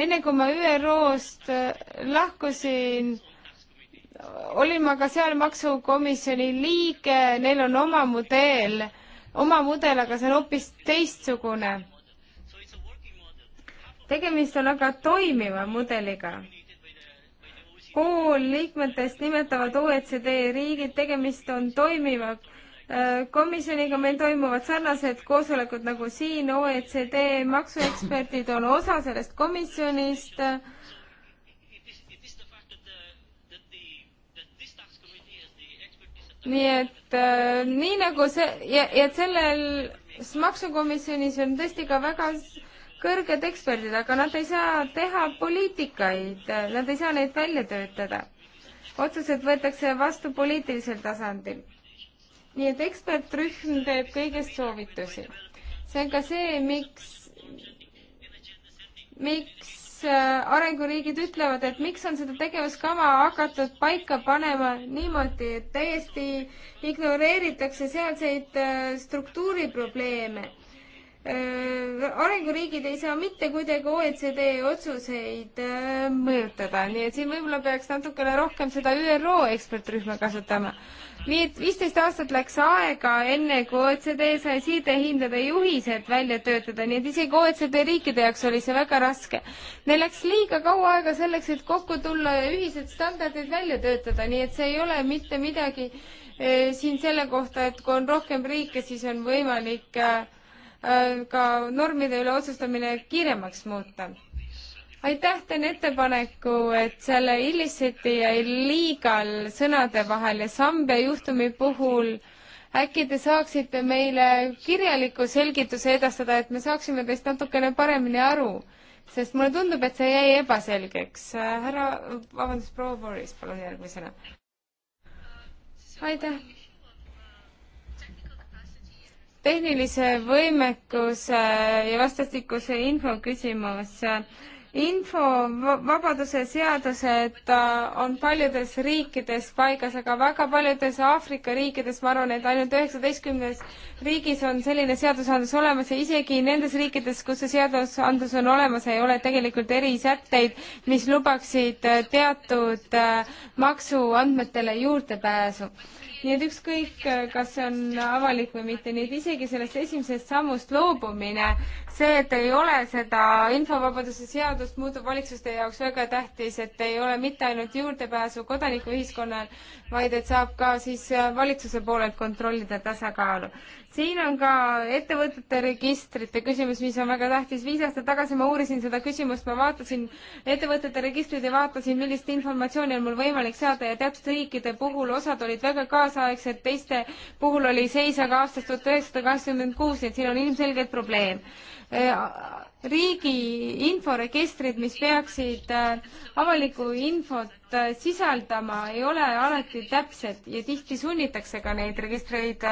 enne kui ma ÜRO-st äh, lahkusin, olin ma ka seal maksukomisjoni liige, neil on oma mudeel, oma mudel, aga see on hoopis teistsugune. tegemist on aga toimiva mudeliga pool liikmetest nimetavad OECD riigid, tegemist on toimiva äh, komisjoniga, meil toimuvad sarnased koosolekud nagu siin, OECD maksueksperdid on osa sellest komisjonist. nii et äh, nii nagu see ja, ja selles maksukomisjonis on tõesti ka väga kõrged eksperdid, aga nad ei saa teha poliitikaid, nad ei saa neid välja töötada. otsused võetakse vastu poliitilisel tasandil. nii et ekspertrühm teeb kõigest soovitusi. see on ka see, miks, miks äh, arenguriigid ütlevad, et miks on seda tegevuskava hakatud paika panema niimoodi, et täiesti ignoreeritakse sealseid äh, struktuuriprobleeme Äh, arenguriigid ei saa mitte kuidagi OECD otsuseid äh, mõjutada, nii et siin võib-olla peaks natukene rohkem seda ÜRO ekspertrühma kasutama. nii et viisteist aastat läks aega, enne kui OECD sai siidehindade juhised välja töötada, nii et isegi OECD riikide jaoks oli see väga raske. Neil läks liiga kaua aega selleks, et kokku tulla ja ühised standardid välja töötada, nii et see ei ole mitte midagi äh, siin selle kohta, et kui on rohkem riike, siis on võimalik äh, Äh, ka normide üle otsustamine kiiremaks muuta. aitäh, teen ettepaneku, et selle Illiciti ja Illegal sõnade vahel ja Sambia juhtumi puhul äkki te saaksite meile kirjaliku selgituse edastada, et me saaksime teist natukene paremini aru, sest mulle tundub, et see jäi ebaselgeks. Äh, härra, vabandust, proua Boris, palun järgmisena. aitäh tehnilise võimekuse ja vastastikuse info küsimus. infovabaduse seadused äh, on paljudes riikides paigas, aga väga paljudes Aafrika riikides, ma arvan, et ainult üheksateistkümnes riigis on selline seadusandlus olemas ja isegi nendes riikides, kus see seadusandlus on olemas, ei ole tegelikult erisätteid, mis lubaksid äh, teatud äh, maksuandmetele juurdepääsu nii et ükskõik, kas see on avalik või mitte, nii et isegi sellest esimesest sammust loobumine, see, et ei ole seda infovabaduse seadust, muutub valitsuste jaoks väga tähtis, et ei ole mitte ainult juurdepääsu kodanikuühiskonnal, vaid et saab ka siis valitsuse poolelt kontrollida tasakaalu siin on ka ettevõtete registrite küsimus, mis on väga tähtis. viis aastat tagasi ma uurisin seda küsimust, ma vaatasin ettevõtete registrid ja vaatasin, millist informatsiooni on mul võimalik saada ja teatud riikide puhul osad olid väga kaasaegsed, teiste puhul oli seis aga aastast tuhat üheksasada kaheksakümmend kuus, nii et siin on ilmselgelt probleem äh, riigi inforegistrid, mis peaksid äh, avalikku infot äh, sisaldama, ei ole alati täpsed ja tihti sunnitakse ka neid registreid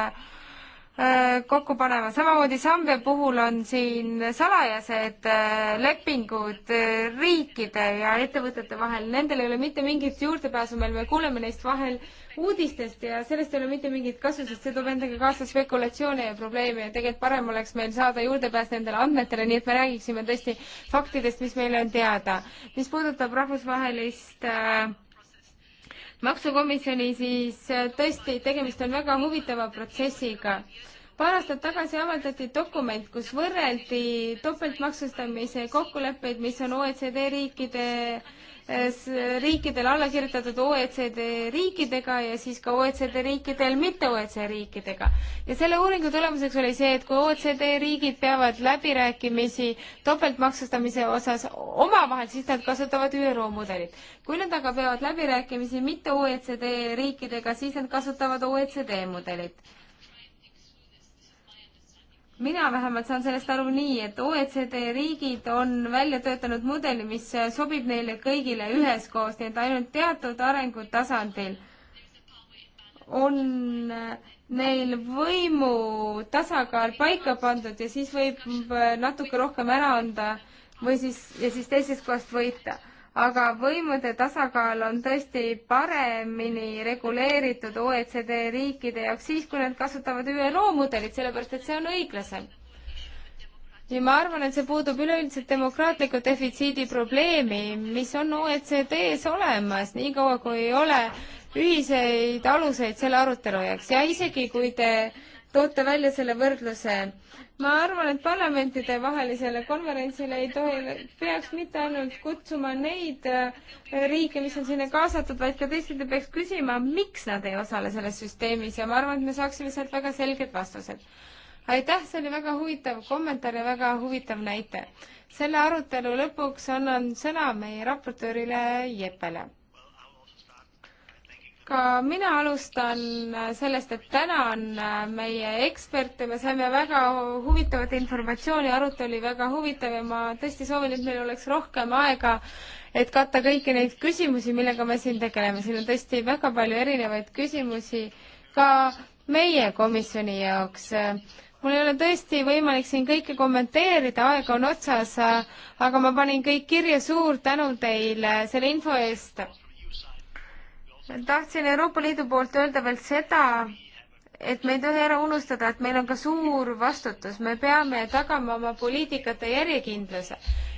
Äh, kokku panema, samamoodi Sambia puhul on siin salajased äh, lepingud äh, riikide ja ettevõtete vahel, nendel ei ole mitte mingit juurdepääsu meil, me kuuleme neist vahel uudistest ja sellest ei ole mitte mingit kasu, sest see toob endaga kaasa spekulatsioone ja probleeme ja tegelikult parem oleks meil saada juurdepääs nendele andmetele, nii et me räägiksime tõesti faktidest, mis meile on teada. mis puudutab rahvusvahelist äh, maksukomisjoni, siis äh, tõesti, tegemist on väga huvitava protsessiga. paar aastat tagasi avaldati dokument, kus võrreldi topeltmaksustamise kokkuleppeid, mis on OECD riikide riikidel alla kirjutatud OECD riikidega ja siis ka OECD riikidel mitte OECD riikidega. ja selle uuringu tulemuseks oli see, et kui OECD riigid peavad läbirääkimisi topeltmaksustamise osas omavahel, siis nad kasutavad ÜRO mudelit. kui nad aga peavad läbirääkimisi mitte OECD riikidega, siis nad kasutavad OECD mudelit mina vähemalt saan sellest aru nii, et OECD riigid on välja töötanud mudeli, mis sobib neile kõigile üheskoos, nii et ainult teatud arengutasandil on neil võimu tasakaal paika pandud ja siis võib natuke rohkem ära anda või siis, ja siis teisest kohast võita aga võimude tasakaal on tõesti paremini reguleeritud OECD riikide jaoks siis, kui nad kasutavad ÜRO mudelit, sellepärast et see on õiglasem. ja ma arvan, et see puudub üleüldiselt demokraatliku defitsiidi probleemi, mis on OECD-s olemas, niikaua kui ei ole ühiseid aluseid selle arutelu jaoks ja isegi kui te äh, toote välja selle võrdluse. ma arvan, et parlamentidevahelisele konverentsile ei tohi, peaks mitte ainult kutsuma neid äh, riike, mis on sinna kaasatud, vaid ka teistelt peaks küsima, miks nad ei osale selles süsteemis ja ma arvan, et me saaksime sealt väga selged vastused. aitäh, see oli väga huvitav kommentaar ja väga huvitav näide. selle arutelu lõpuks annan sõna meie raportöörile Jeppele ka mina alustan sellest, et tänan meie eksperte, me saime väga huvitavat informatsiooni, arutelu oli väga huvitav ja ma tõesti soovin, et meil oleks rohkem aega, et katta kõiki neid küsimusi, millega me siin tegeleme. siin on tõesti väga palju erinevaid küsimusi ka meie komisjoni jaoks mul ei ole tõesti võimalik siin kõike kommenteerida, aeg on otsas, aga ma panin kõik kirja, suur tänu teile selle info eest tahtsin Euroopa Liidu poolt öelda veel seda, et me ei tohi ära unustada, et meil on ka suur vastutus, me peame tagama oma poliitikate järjekindluse.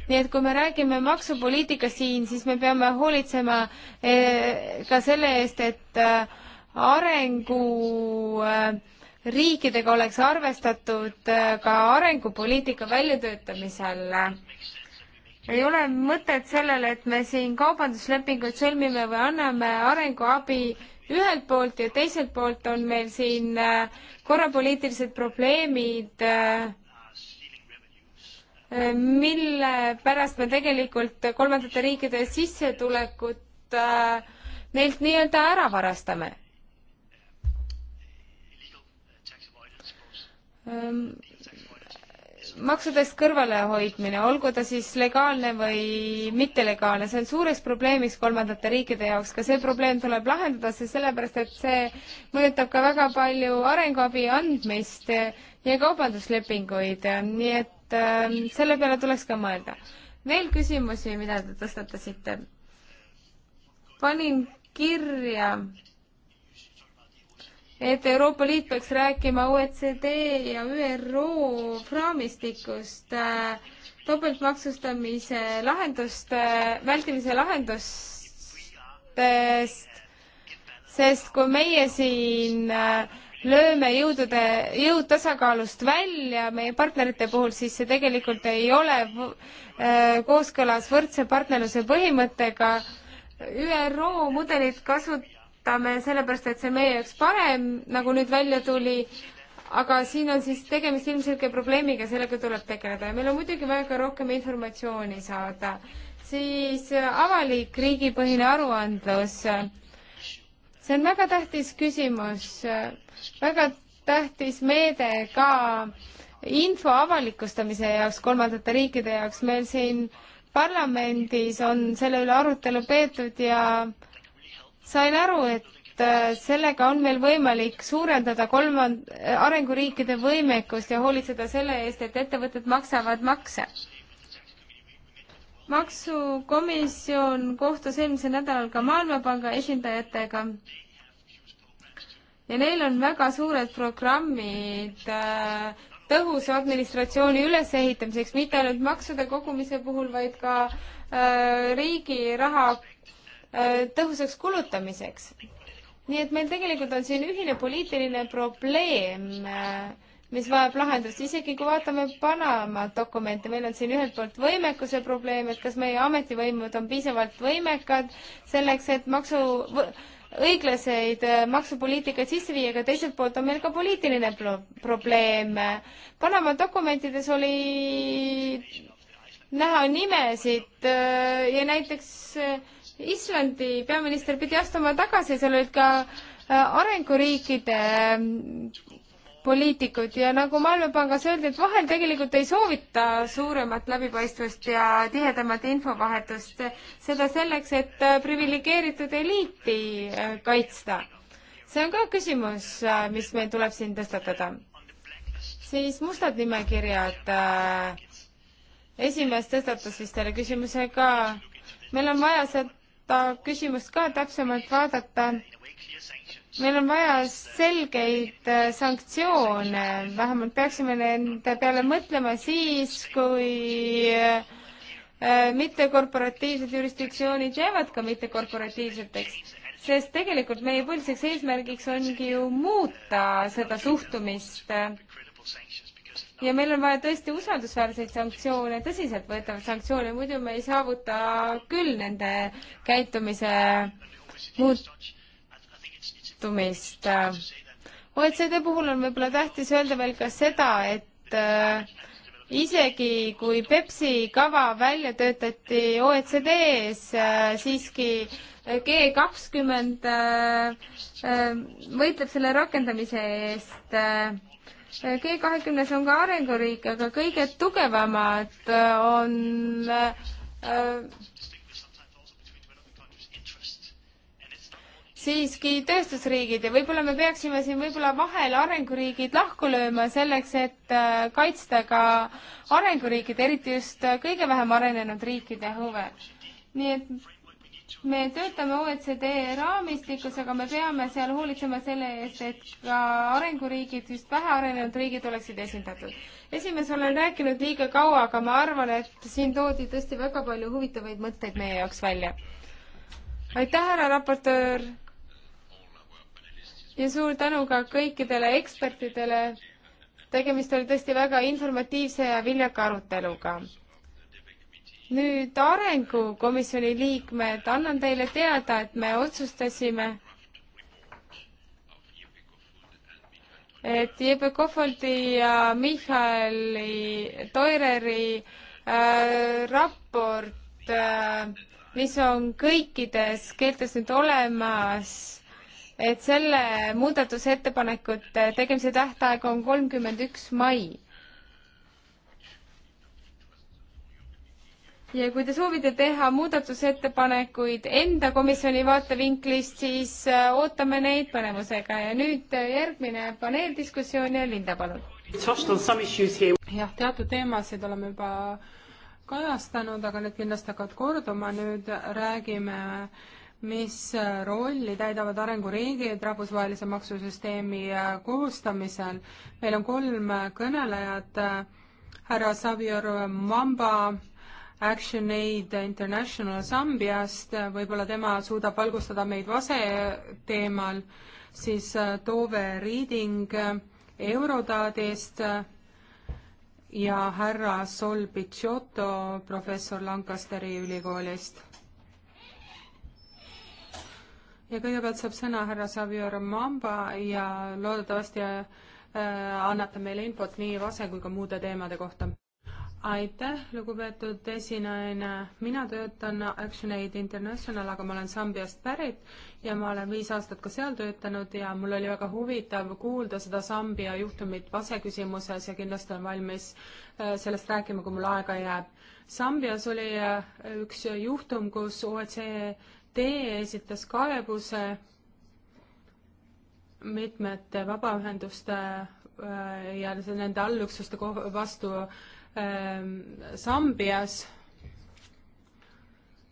nii et kui me räägime maksupoliitikast siin, siis me peame hoolitsema eh, ka selle eest, et eh, arengu eh, riikidega oleks arvestatud ka arengupoliitika väljatöötamisel ei ole mõtet sellele, et me siin kaubanduslepinguid sõlmime või anname arenguabi ühelt poolt ja teiselt poolt on meil siin äh, korrapoliitilised probleemid, äh, mille pärast me tegelikult kolmandate riikide sissetulekut äh, neilt nii-öelda ära varastame ähm, maksudest kõrvalehoidmine, olgu ta siis legaalne või mittelegaalne, see on suureks probleemiks kolmandate riikide jaoks, ka see probleem tuleb lahendada, sest sellepärast, et see mõjutab ka väga palju arenguabi andmist ja kaubanduslepinguid, nii et äh, selle peale tuleks ka mõelda. veel küsimusi, mida te tõstatasite? panin kirja et Euroopa Liit peaks rääkima OECD ja ÜRO raamistikust äh, topeltmaksustamise lahenduste äh,, vältimise lahendustest, sest kui meie siin äh, lööme jõudude, jõud tasakaalust välja meie partnerite puhul, siis see tegelikult ei ole äh, kooskõlas võrdse partnerluse põhimõttega. ÜRO mudelit kasut-, toetame, sellepärast et see meie jaoks parem, nagu nüüd välja tuli, aga siin on siis tegemist ilmselge probleemiga, sellega tuleb tegeleda ja meil on muidugi vaja ka rohkem informatsiooni saada. siis äh, avalik riigipõhine aruandlus, see on väga tähtis küsimus, väga tähtis meede ka info avalikustamise jaoks kolmandate riikide jaoks, meil siin parlamendis on selle üle arutelu peetud ja äh, sain aru, et äh, sellega on meil võimalik suurendada kolmand-, äh, arenguriikide võimekust ja hoolitseda selle eest, et ettevõtted maksavad makse. maksukomisjon kohtus eelmisel nädalal ka Maailmapanga esindajatega ja neil on väga suured programmid äh, tõhusa administratsiooni ülesehitamiseks, mitte ainult maksude kogumise puhul, vaid ka riigi raha Äh, tõhusaks kulutamiseks. nii et meil tegelikult on siin ühine poliitiline probleem, äh, mis vajab lahendust, isegi kui vaatame Panama dokumente, meil on siin ühelt poolt võimekuse probleem, et kas meie ametivõimud on piisavalt võimekad selleks, et maksu õiglaseid äh, maksupoliitikaid sisse viia, aga teiselt poolt on meil ka poliitiline pro probleem. Panama dokumentides oli näha nimesid ja näiteks Islandi peaminister pidi astuma tagasi, seal olid ka äh, arenguriikide ähm, poliitikud ja nagu Maailmapangas öeldi, et vahel tegelikult ei soovita suuremat läbipaistvust ja tihedamat infovahetust, seda selleks, et äh, priviligeeritud eliiti äh, kaitsta. see on ka küsimus, mis meil tuleb siin tõstatada. siis mustad nimekirjad. esimees tõstatas vist selle küsimuse ka. meil on vaja sealt seda küsimust ka täpsemalt vaadata. meil on vaja selgeid äh, sanktsioone, vähemalt peaksime nende peale mõtlema siis, kui äh, äh, mittekorporatiivsed jurisdiktsioonid jäävad ka mittekorporatiivseteks, sest tegelikult meie põhiliseks eesmärgiks ongi ju muuta seda suhtumist ja meil on vaja tõesti usaldusväärseid sanktsioone, tõsiseltvõetavaid sanktsioone, muidu me ei saavuta küll nende käitumise muutumist. OECD puhul on võib-olla tähtis öelda veel ka seda, et äh, isegi kui Pepsi kava välja töötati OECD-s, äh, siiski G kakskümmend äh, võitleb selle rakendamise eest G kahekümnes on ka arenguriik, aga kõige tugevamad äh, on äh, siiski tööstusriigid ja võib-olla me peaksime siin võib-olla vahel arenguriigid lahku lööma selleks, et äh, kaitsta ka arenguriikide, eriti just kõige vähem arenenud riikide huve. nii et me töötame OECD raamistikus, aga me peame seal hoolitsema selle eest, et ka arenguriigid, just vähearenenud riigid oleksid esindatud. esimees, olen rääkinud liiga kaua, aga ma arvan, et siin toodi tõesti väga palju huvitavaid mõtteid meie jaoks välja. aitäh, härra raportöör! ja suur tänu ka kõikidele ekspertidele tegemist oli tõesti väga informatiivse ja viljaka aruteluga nüüd arengukomisjoni liikmed, annan teile teada, et me otsustasime, et Jeppe Kohvoldi ja Michali Toireri äh, raport äh,, mis on kõikides keeltes nüüd olemas, et selle muudatusettepanekute tegemise tähtaeg on kolmkümmend üks mai ja kui te soovite teha muudatusettepanekuid enda komisjoni vaatevinklist, siis äh, ootame neid põnevusega ja nüüd äh, järgmine paneeldiskussioon ja Linda, palun. jah, teatud teemasid oleme juba kajastanud, aga need kindlasti hakkavad korduma, nüüd räägime mis äh, rolli täidavad arenguriigid rahvusvahelise maksusüsteemi koostamisel. meil on kolm kõnelejat, härra Savior Mamba, ActionAid International Sambiast, võib-olla tema suudab valgustada meid Vase teemal, siis äh, Tove Reading äh, Eurodaadist äh, ja härra Sol Picciotto, professor Lancasteri ülikoolist. ja kõigepealt saab sõna härra Savior Mamba ja loodetavasti annate meile infot nii Vase kui ka muude teemade kohta aitäh, lugupeetud esinaine. mina töötan ActionAid International, aga ma olen Sambiast pärit ja ma olen viis aastat ka seal töötanud ja mul oli väga huvitav kuulda seda Sambia juhtumit vaseküsimuses ja kindlasti olen valmis äh, sellest rääkima, kui mul aega jääb. Sambias oli äh, üks juhtum, kus OECD esitas kaebuse mitmete vabaühenduste äh, ja nende allüksuste vastu Ähm, Sambias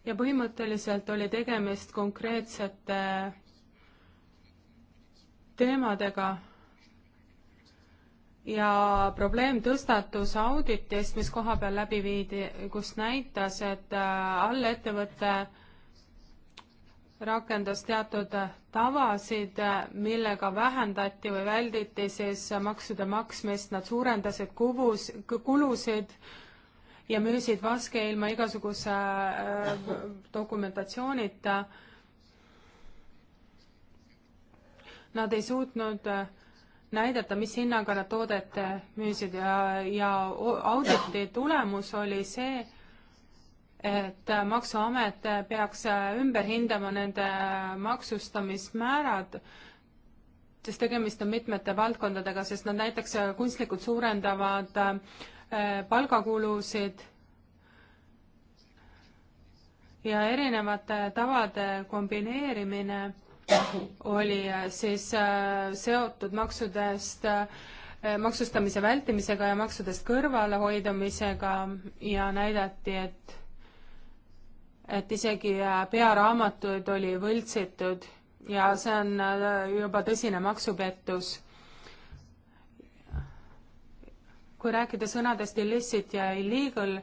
ja põhimõtteliselt oli tegemist konkreetsete teemadega ja probleem tõstatus auditist, mis koha peal läbi viidi, kus näitas, et allettevõte äh, rakendas teatud tavasid, millega vähendati või välditi siis maksude maksmist, nad suurendasid kuvus, kulusid ja müüsid vaske ilma igasuguse äh, dokumentatsioonita. Nad ei suutnud äh, näidata, mis hinnaga nad toodet äh, müüsid ja, ja auditi tulemus oli see, et Maksuamet peaks ümber hindama nende maksustamismäärad, sest tegemist on mitmete valdkondadega, sest nad näiteks kunstlikult suurendavad äh, palgakulusid ja erinevate tavade kombineerimine oli äh, siis äh, seotud maksudest maksustamise vältimisega ja maksudest kõrvalehoidumisega ja näidati, et et isegi äh, pearaamatuid oli võltsitud ja see on äh, juba tõsine maksupettus. kui rääkida sõnadest illicit ja illegal,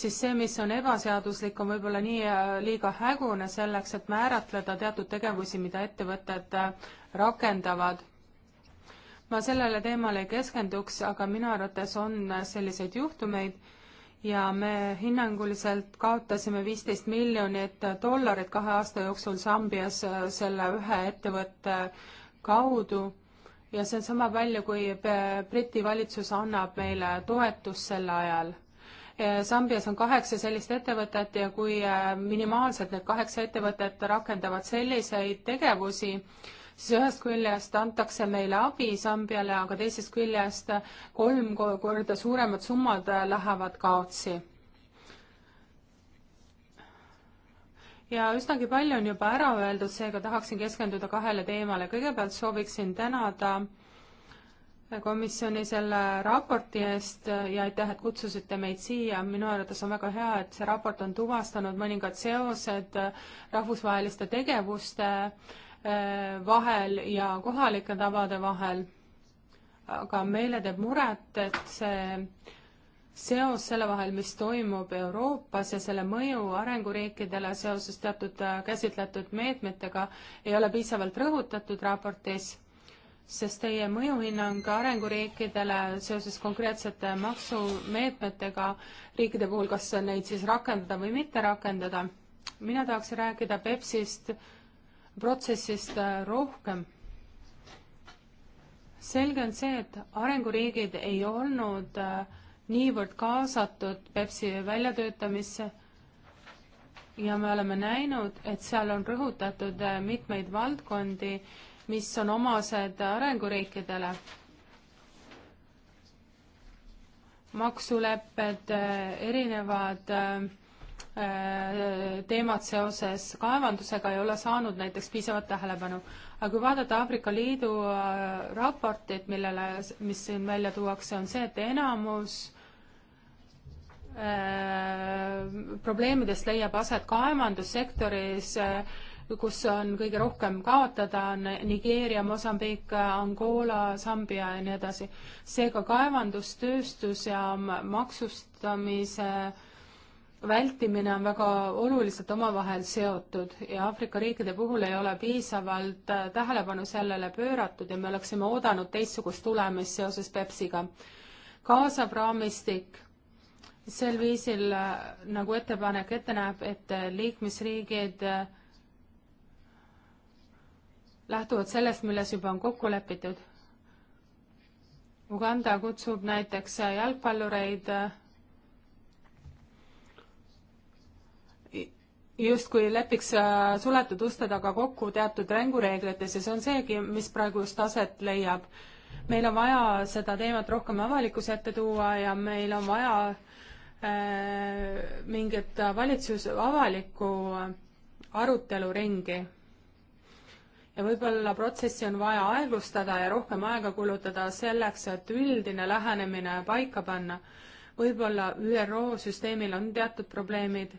siis see, mis on ebaseaduslik, on võib-olla nii äh, liiga hägune selleks, et määratleda teatud tegevusi, mida ettevõtted rakendavad. ma sellele teemale ei keskenduks, aga minu arvates on selliseid juhtumeid ja me hinnanguliselt kaotasime viisteist miljonit dollarit kahe aasta jooksul Sambias äh, selle ühe ettevõtte kaudu ja see on sama palju, kui Briti valitsus annab meile toetust sel ajal. Äh, Sambias on kaheksa sellist ettevõtet ja kui äh, minimaalselt need kaheksa ettevõtet rakendavad selliseid tegevusi, siis ühest küljest antakse meile abi Sambiale, aga teisest küljest kolm korda suuremad summad lähevad kaotsi. ja üsnagi palju on juba ära öeldud, seega tahaksin keskenduda kahele teemale. kõigepealt sooviksin tänada komisjoni selle raporti eest ja aitäh, et kutsusite meid siia. minu arvates on väga hea, et see raport on tuvastanud mõningad seosed rahvusvaheliste tegevuste Äh, vahel ja kohalike tavade vahel. aga meile teeb muret, et see seos selle vahel, mis toimub Euroopas ja selle mõju arenguriikidele seoses teatud äh, käsitletud meetmetega ei ole piisavalt rõhutatud raportis, sest teie mõjuhinnang arenguriikidele seoses konkreetsete maksumeetmetega riikide puhul, kas neid siis rakendada või mitte rakendada. mina tahaks rääkida Pepsist protsessist äh, rohkem. selge on see, et arenguriigid ei olnud äh, niivõrd kaasatud Pepsi väljatöötamisse ja me oleme näinud, et seal on rõhutatud äh, mitmeid valdkondi, mis on omased arenguriikidele. maksulepped, erinevad äh, Äh, teemad seoses kaevandusega ei ole saanud näiteks piisavat tähelepanu. aga kui vaadata Aafrika Liidu äh, raportit, millele, mis siin välja tuuakse, on see, et enamus äh, probleemidest leiab aset kaevandussektoris äh,, kus on kõige rohkem kaotada, on Nigeeria, Mosambiik, Angola, Sambia ja nii edasi. seega kaevandustööstus ja maksustamise äh, vältimine on väga oluliselt omavahel seotud ja Aafrika riikide puhul ei ole piisavalt äh, tähelepanu sellele pööratud ja me oleksime oodanud teistsugust tulemist seoses Pepsiga. kaasav raamistik sel viisil, äh, nagu ettepanek ette näeb, et äh, liikmesriigid lähtuvad sellest, milles juba on kokku lepitud. Uganda kutsub näiteks jalgpallureid justkui lepiks äh, suletud uste taga kokku teatud rängureeglites ja see on seegi, mis praegu just aset leiab. meil on vaja seda teemat rohkem avalikkuse ette tuua ja meil on vaja äh, mingit valitsus, avalikku aruteluringi. ja võib-olla protsessi on vaja aeglustada ja rohkem aega kulutada selleks, et üldine lähenemine paika panna. võib-olla ÜRO süsteemil on teatud probleemid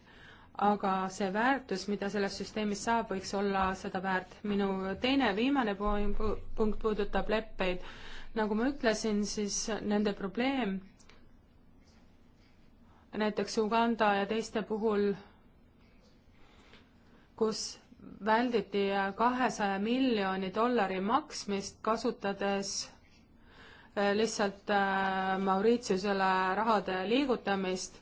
aga see väärtus, mida sellest süsteemist saab, võiks olla seda väärt. minu teine, viimane punkt puudutab leppeid. nagu ma ütlesin, siis nende probleem näiteks Uganda ja teiste puhul, kus välditi kahesaja miljoni dollari maksmist, kasutades eh, lihtsalt eh, Mauritiusele rahade liigutamist,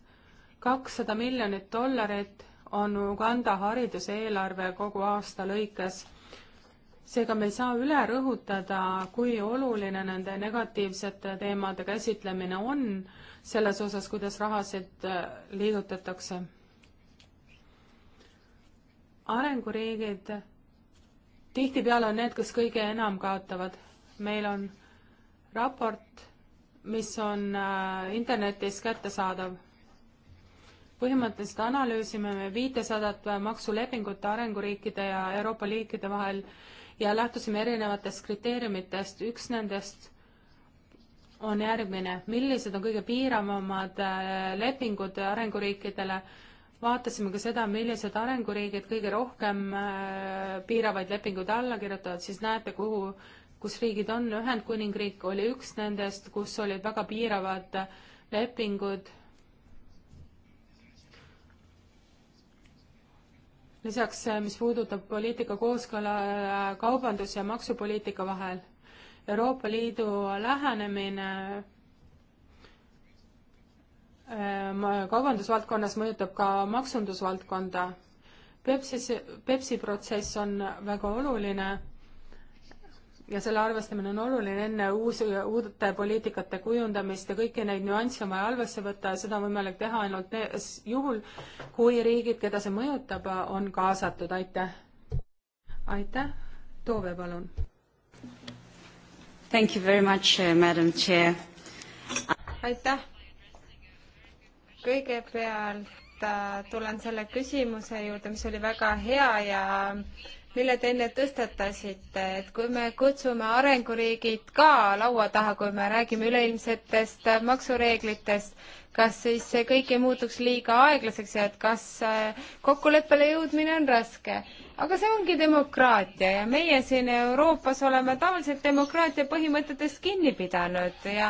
kakssada miljonit dollarit on Uganda hariduseelarve kogu aasta lõikes. seega me ei saa üle rõhutada, kui oluline nende negatiivsete teemade käsitlemine on selles osas, kuidas rahasid äh, liigutatakse. arenguriigid tihtipeale on need, kes kõige enam kaotavad. meil on raport, mis on äh, internetis kättesaadav põhimõtteliselt analüüsime me viitesadat maksulepingut arenguriikide ja Euroopa liikide vahel ja lähtusime erinevatest kriteeriumitest, üks nendest on järgmine, millised on kõige piiravamad äh, lepingud arenguriikidele, vaatasime ka seda, millised arenguriigid kõige rohkem äh, piiravaid lepinguid alla kirjutavad, siis näete, kuhu, kus riigid on, Ühendkuningriik oli üks nendest, kus olid väga piiravad äh, lepingud lisaks, eh, mis puudutab poliitika kooskõla eh, kaubandus- ja maksupoliitika vahel, Euroopa Liidu lähenemine eh, kaubandusvaldkonnas mõjutab ka maksundusvaldkonda. Pepsis, Pepsi protsess on väga oluline ja selle arvestamine on oluline enne uusi, uute poliitikate kujundamist ja kõiki neid nüansse on vaja arvesse võtta ja seda on võimalik teha ainult juhul, kui riigid, keda see mõjutab, on kaasatud, aitäh. aitäh, Toove, palun. Thank you very much, uh, madam chair. aitäh. kõigepealt äh, tulen selle küsimuse juurde, mis oli väga hea ja mille te enne tõstatasite, et kui me kutsume arenguriigid ka laua taha, kui me räägime üleilmsetest maksureeglitest, kas siis see kõik ei muutuks liiga aeglaseks ja et kas äh, kokkuleppele jõudmine on raske? aga see ongi demokraatia ja meie siin Euroopas oleme tavaliselt demokraatia põhimõtetest kinni pidanud ja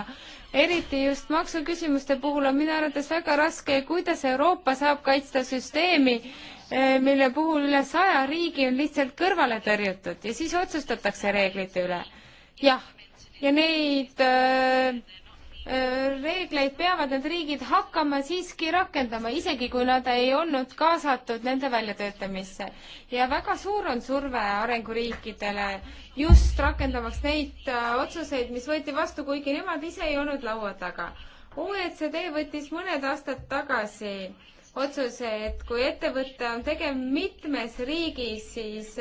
eriti just maksuküsimuste puhul on minu arvates väga raske, kuidas Euroopa saab kaitsta süsteemi, Eh, mille puhul üle saja riigi on lihtsalt kõrvale tõrjutud ja siis otsustatakse reeglite üle. jah, ja neid äh, äh, reegleid peavad need riigid hakkama siiski rakendama, isegi kui nad ei olnud kaasatud nende väljatöötamisse. ja väga suur on surve arenguriikidele just rakendamaks neid äh, otsuseid, mis võeti vastu, kuigi nemad ise ei olnud laua taga. OECD võttis mõned aastad tagasi äh, otsuse, et kui ettevõte on tegev mitmes riigis, siis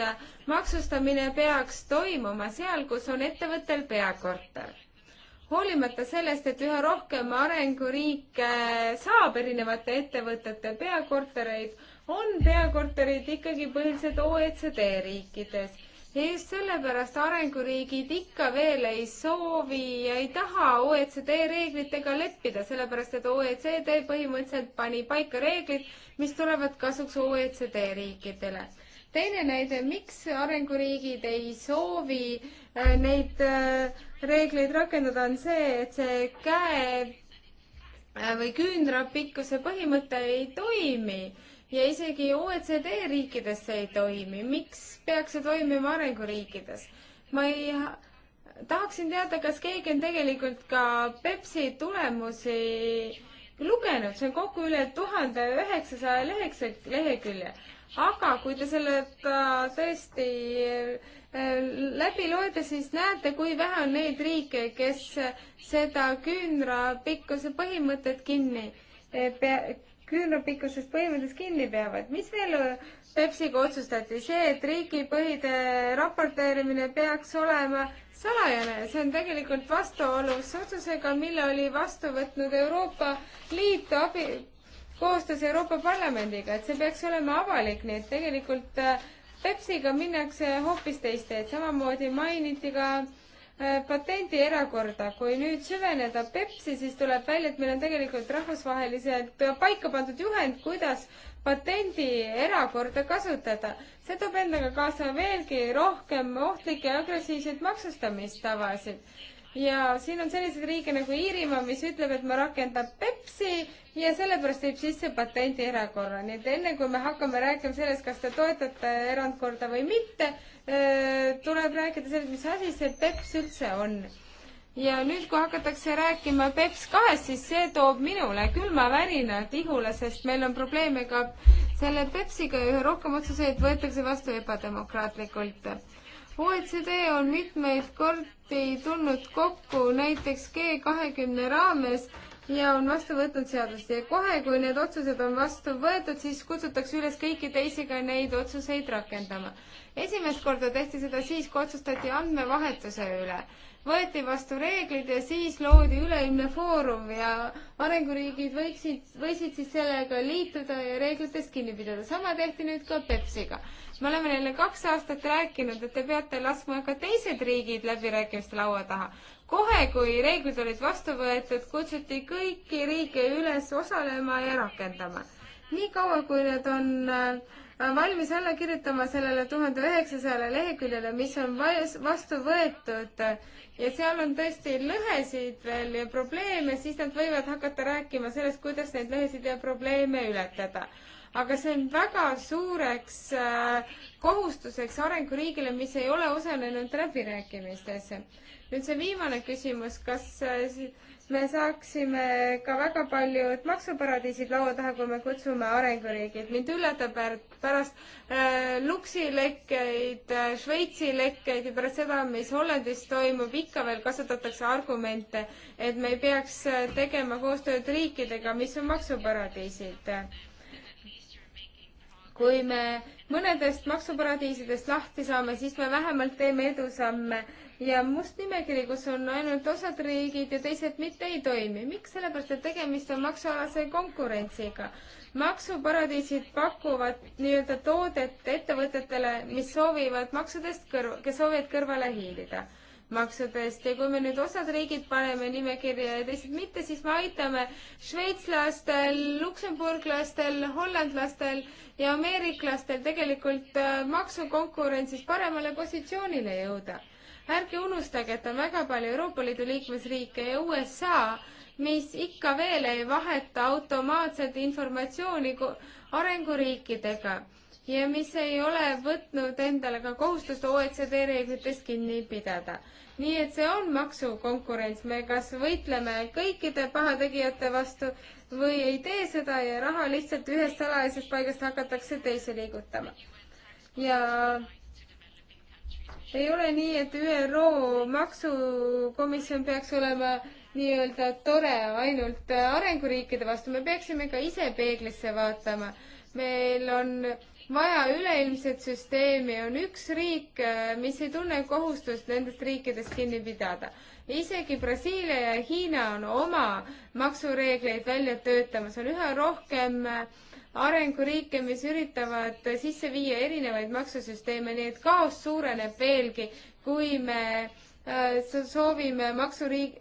maksustamine peaks toimuma seal, kus on ettevõttel peakorter. hoolimata sellest, et üha rohkem arenguriike saab erinevate ettevõtete peakortereid, on peakorterid ikkagi põhiliselt OECD riikides just sellepärast arenguriigid ikka veel ei soovi ja ei taha OECD reeglitega leppida, sellepärast et OECD põhimõtteliselt pani paika reeglid, mis tulevad kasuks OECD riikidele. teine näide, miks arenguriigid ei soovi äh, neid äh, reegleid rakendada, on see, et see käe äh, või küünrapikkuse põhimõte ei toimi ja isegi OECD riikides see ei toimi. miks peaks see toimima arenguriikides? ma ei, tahaksin teada, kas keegi on tegelikult ka Pepsi tulemusi lugenud, see on kokku üle tuhande üheksasaja lehekse, lehekülje. aga kui te selle äh, tõesti äh, läbi loete, siis näete, kui vähe on neid riike, kes seda küünrapikkuse põhimõtet kinni äh, pea, küünlapikkusest põhimõttest kinni peavad. mis veel Pepsiga otsustati? see, et riigipõhide raporteerimine peaks olema salajane. see on tegelikult vastuolus otsusega, mille oli vastu võtnud Euroopa Liit abi, koostöös Euroopa Parlamendiga, et see peaks olema avalik, nii et tegelikult äh, Pepsiga minnakse hoopis teist teed. samamoodi mainiti ka äh, Äh, patendi erakorda. kui nüüd süveneda Pepsi, siis tuleb välja, et meil on tegelikult rahvusvaheliselt paika pandud juhend, kuidas patendi erakorda kasutada. see toob endaga kaasa veelgi rohkem ohtlikke ja agressiivseid maksustamistavasid. ja siin on selliseid riike nagu Iirimaa, mis ütleb, et ma rakendan Pepsi ja sellepärast viib sisse patendi erakorra, nii et enne kui me hakkame rääkima sellest, kas te toetate erandkorda või mitte, äh, tuleb rääkida sellest, mis asi see PEPS üldse on. ja nüüd, kui hakatakse rääkima PEPS kahest, siis see toob minule külmavärina tihule, sest meil on probleeme ka selle PEPS-iga ja üha rohkem otsuseid võetakse vastu ebademokraatlikult OECD on mitmeid kordi tulnud kokku näiteks G kahekümne raames ja on vastu võtnud seadust ja kohe, kui need otsused on vastu võetud, siis kutsutakse üles kõiki teisi ka neid otsuseid rakendama. esimest korda tehti seda siis, kui otsustati andmevahetuse üle. võeti vastu reeglid ja siis loodi üleilmne foorum ja arenguriigid võiksid, võisid siis sellega liituda ja reeglitest kinni pidada. sama tehti nüüd ka Pepsiga. me oleme neile kaks aastat rääkinud, et te peate laskma ka teised riigid läbirääkimiste laua taha kohe, kui reeglid olid vastu võetud, kutsuti kõiki riike üles osalema ja rakendama. niikaua, kui nad on äh, valmis alla kirjutama sellele tuhande üheksasajale leheküljele, mis on vastu võetud ja seal on tõesti lõhesid veel ja probleeme, siis nad võivad hakata rääkima sellest, kuidas neid lõhesid ja probleeme ületada aga see on väga suureks äh, kohustuseks arenguriigile, mis ei ole osalenud läbirääkimistes nüüd see viimane küsimus, kas äh, me saaksime ka väga paljud maksuparadiisid laua taha, kui me kutsume arenguriigid. mind üllatab, et pärast äh, Luksi lekkeid äh,, Šveitsi lekkeid ja pärast seda, mis Hollandis toimub, ikka veel kasutatakse argumente, et me ei peaks äh, tegema koostööd riikidega, mis on maksuparadiisid kui me mõnedest maksuparadiisidest lahti saame, siis me vähemalt teeme edusamme ja must nimekiri, kus on ainult osad riigid ja teised mitte ei toimi. miks? sellepärast, et tegemist on maksualase konkurentsiga. maksuparadiisid pakuvad nii-öelda toodet ettevõtetele, mis soovivad maksudest kõrv-, kes soovivad kõrvale hiilida maksudest ja kui me nüüd osad riigid paneme nimekirja ja teised mitte, siis me aitame šveitslastel, luksemburglastel, hollandlastel ja ameeriklastel tegelikult äh, maksukonkurentsis paremale positsioonile jõuda ärge unustage, et on väga palju Euroopa Liidu liikmesriike ja USA, mis ikka veel ei vaheta automaatselt informatsiooni arenguriikidega ja mis ei ole võtnud endale ka kohustust OECD reeglitest kinni pidada. nii et see on maksukonkurents, me kas võitleme kõikide pahategijate vastu või ei tee seda ja raha lihtsalt ühest salajasest paigast hakatakse teise liigutama. ja ei ole nii, et ÜRO maksukomisjon peaks olema nii-öelda tore ainult arenguriikide vastu, me peaksime ka ise peeglisse vaatama. meil on vaja üleilmset süsteemi, on üks riik, mis ei tunne kohustust nendest riikidest kinni pidada. isegi Brasiilia ja Hiina on oma maksureegleid välja töötamas, on üha rohkem äh, arenguriike, mis üritavad sisse viia erinevaid maksusüsteeme, nii et kaos suureneb veelgi, kui me äh, soovime maksuriik,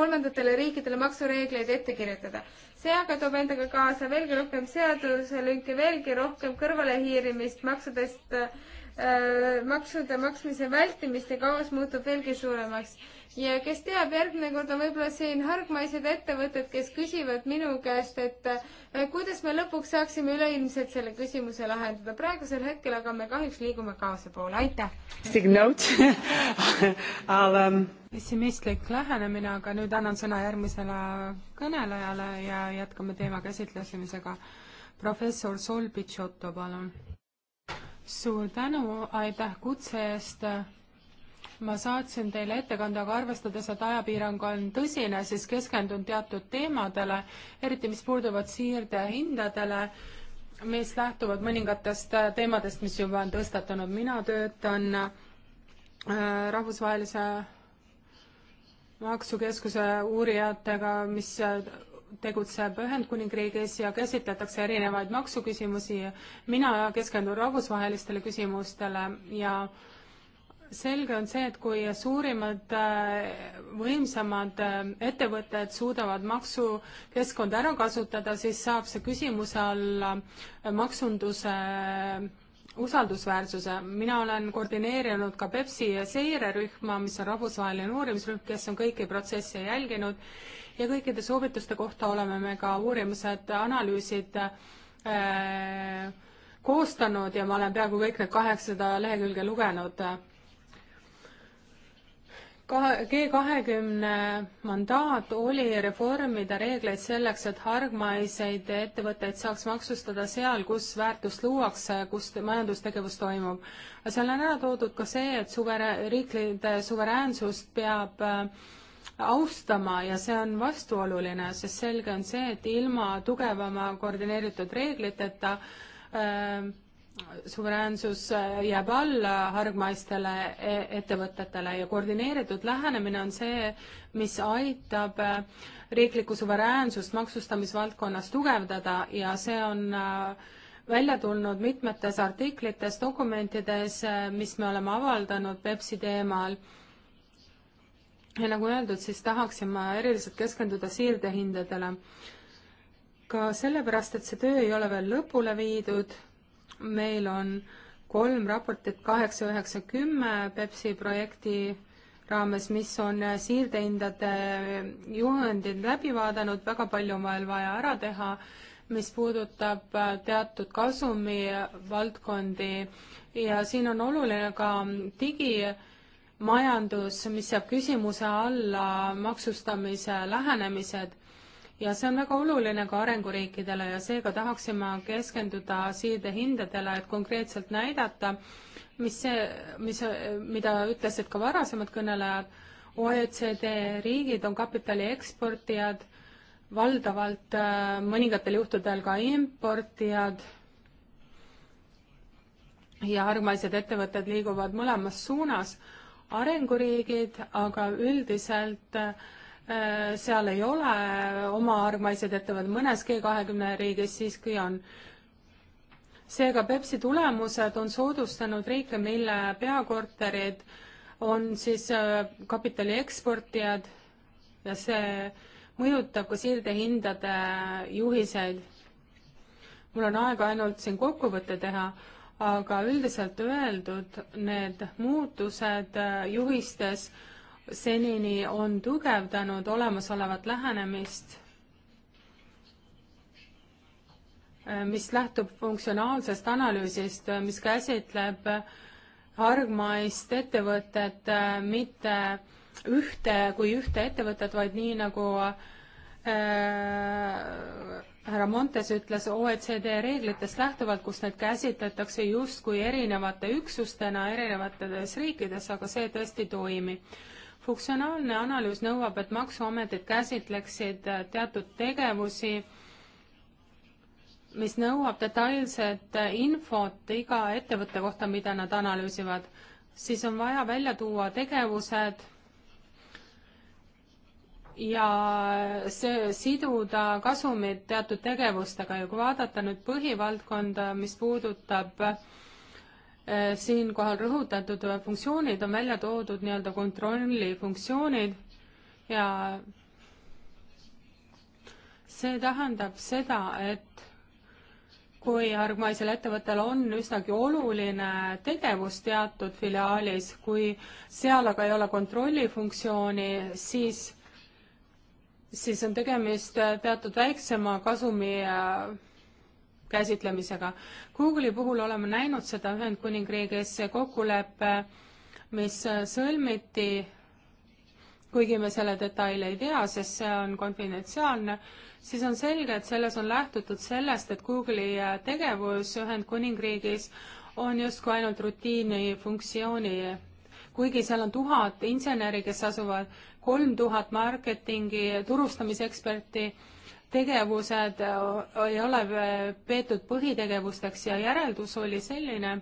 kolmandatele riikidele maksureegleid ette kirjutada. see aga toob endaga kaasa veelgi rohkem seaduselünki, veelgi rohkem kõrvalehiirimist maksudest äh, Äh, maksude maksmise vältimist ja kaos muutub veelgi suuremaks. ja kes teab, järgmine kord on võib-olla siin hargmaised ettevõtted, kes küsivad minu käest, et äh, kuidas me lõpuks saaksime üleilmselt selle küsimuse lahendada. praegusel hetkel aga me kahjuks liigume kaose poole, aitäh! Um, pessimistlik lähenemine, aga nüüd annan sõna järgmisele kõnelejale ja jätkame teema käsitlemisega. professor Solbitšoto, palun suur tänu, aitäh kutse eest. ma saatsin teile ettekande, aga arvestades, et ajapiirang on tõsine, siis keskendun teatud teemadele, eriti mis puuduvad siirdehindadele, mis lähtuvad mõningatest teemadest, mis juba on tõstatunud. mina töötan äh, rahvusvahelise maksukeskuse uurijatega, mis tegutseb Ühendkuningriigis ja käsitletakse erinevaid maksuküsimusi. mina keskendun rahvusvahelistele küsimustele ja selge on see, et kui suurimad, äh, võimsamad äh, ettevõtted suudavad maksukeskkonda ära kasutada, siis saab see küsimuse alla äh, maksunduse usaldusväärsuse, mina olen koordineerinud ka Pepsi seirerühma, mis on rahvusvaheline uurimisrühm, kes on kõiki protsesse jälginud ja kõikide soovituste kohta oleme me ka uurimused, analüüsid äh, koostanud ja ma olen peaaegu kõik need kaheksasada lehekülge lugenud äh, kahe, G kahekümne mandaat oli reformida reegleid selleks, et hargmaiseid ettevõtteid saaks maksustada seal, kus väärtust luuakse, kus majandustegevus toimub. seal on ära toodud ka see, et suvere-, riikide suveräänsust peab äh, austama ja see on vastuoluline, sest selge on see, et ilma tugevama koordineeritud reegliteta äh, suveräänsus äh, jääb alla hargmaistele e, ettevõtetele ja koordineeritud lähenemine on see, mis aitab äh, riiklikku suveräänsust maksustamisvaldkonnas tugevdada ja see on äh, välja tulnud mitmetes artiklites, dokumentides, mis me oleme avaldanud Pepsi teemal ja nagu öeldud, siis tahaksin ma eriliselt keskenduda siirdehindadele. ka sellepärast, et see töö ei ole veel lõpule viidud meil on kolm raportit, kaheksa, üheksa, kümme Pepsi projekti raames, mis on siirdehindade juhendid läbi vaadanud, väga palju on veel vaja ära teha, mis puudutab teatud kasumivaldkondi ja siin on oluline ka digimajandus, mis jääb küsimuse alla maksustamise lähenemised ja see on väga oluline ka arenguriikidele ja seega tahaksime keskenduda siirdehindadele, et konkreetselt näidata, mis see, mis, mida ütlesid ka varasemad kõnelejad, OECD riigid on kapitali eksportijad, valdavalt äh, mõningatel juhtudel ka importijad ja hargmaised ettevõtted liiguvad mõlemas suunas, arenguriigid aga üldiselt äh, Äh, seal ei ole oma armaised ettevõtted, mõnes G kahekümne riigis siiski on. seega Pepsi tulemused on soodustanud riike, mille peakorterid on siis äh, kapitali eksportijad ja see mõjutab ka siirdehindade juhiseid. mul on aega ainult siin kokkuvõte teha, aga üldiselt öeldud, need muutused äh, juhistes äh, senini on tugevdanud olemasolevat lähenemist, äh, mis lähtub funktsionaalsest analüüsist, äh, mis käsitleb äh, hargmaist ettevõtet, mitte ühte kui ühte ettevõtet, vaid nii, nagu härra Montes ütles OECD reeglitest lähtuvalt, kus need käsitletakse justkui erinevate üksustena erinevates riikides, aga see tõesti toimib funktsionaalne analüüs nõuab, et maksuametid käsitleksid äh, teatud tegevusi, mis nõuab detailset äh, infot iga ettevõtte kohta, mida nad analüüsivad, siis on vaja välja tuua tegevused ja äh, see siduda kasumid teatud tegevustega ja kui vaadata nüüd põhivaldkonda, mis puudutab äh, Äh, siinkohal rõhutatud funktsioonid on välja toodud nii-öelda kontrolli funktsioonid ja see tähendab seda, et kui hargmaisel ettevõttel on üsnagi oluline tegevus teatud filiaalis, kui seal aga ei ole kontrollifunktsiooni, siis, siis on tegemist teatud väiksema kasumi äh, käsitlemisega. Google'i puhul oleme näinud seda Ühendkuningriigis, see kokkulepe, mis sõlmiti, kuigi me selle detaile ei tea, sest see on konfidentsiaalne, siis on selge, et selles on lähtutud sellest, et Google'i tegevus Ühendkuningriigis on justkui ainult rutiini funktsiooni, kuigi seal on tuhat inseneri, kes asuvad, kolm tuhat marketingi, turustamiseksperti tegevused äh, ei ole peetud põhitegevusteks ja järeldus oli selline,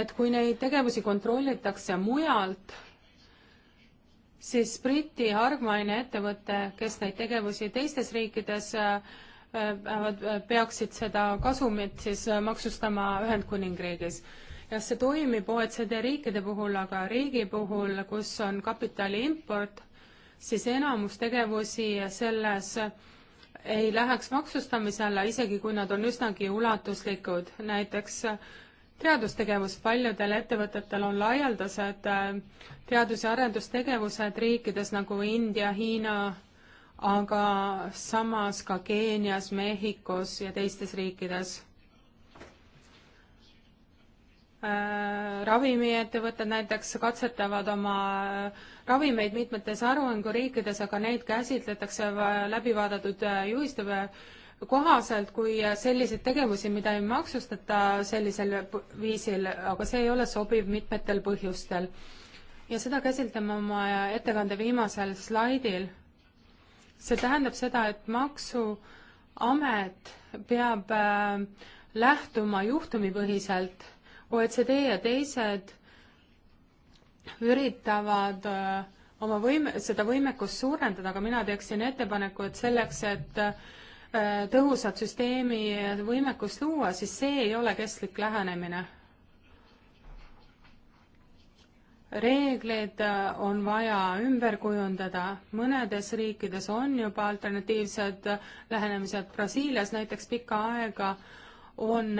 et kui neid tegevusi kontrollitakse mujalt, siis Briti hargmaine ettevõte, kes neid tegevusi teistes riikides äh, peaksid seda kasumit siis maksustama Ühendkuningriigis. jah, see toimib OECD riikide puhul, aga riigi puhul, kus on kapitali import siis enamus tegevusi selles ei läheks maksustamise alla, isegi kui nad on üsnagi ulatuslikud, näiteks äh, teadustegevus, paljudel ettevõtetel on laialdased äh, teadus- ja arendustegevused riikides nagu India, Hiina, aga samas ka Keenias, Mehhikos ja teistes riikides äh,. Ravimiettevõtted näiteks katsetavad oma äh, ravimeid mitmetes arenguriikides, aga neid käsitletakse läbivaadatud äh, juhiste äh, kohaselt kui äh, selliseid tegevusi, mida ei maksustata sellisel viisil, aga see ei ole sobiv mitmetel põhjustel. ja seda käsitleme oma ettekande viimasel slaidil. see tähendab seda, et Maksuamet peab lähtuma juhtumipõhiselt OECD ja teised üritavad äh, oma võime, seda võimekust suurendada, aga mina teeksin ettepaneku, et selleks, et äh, tõhusat süsteemi võimekust luua, siis see ei ole kestlik lähenemine. reegleid äh, on vaja ümber kujundada, mõnedes riikides on juba alternatiivsed lähenemised, Brasiilias näiteks pikka aega on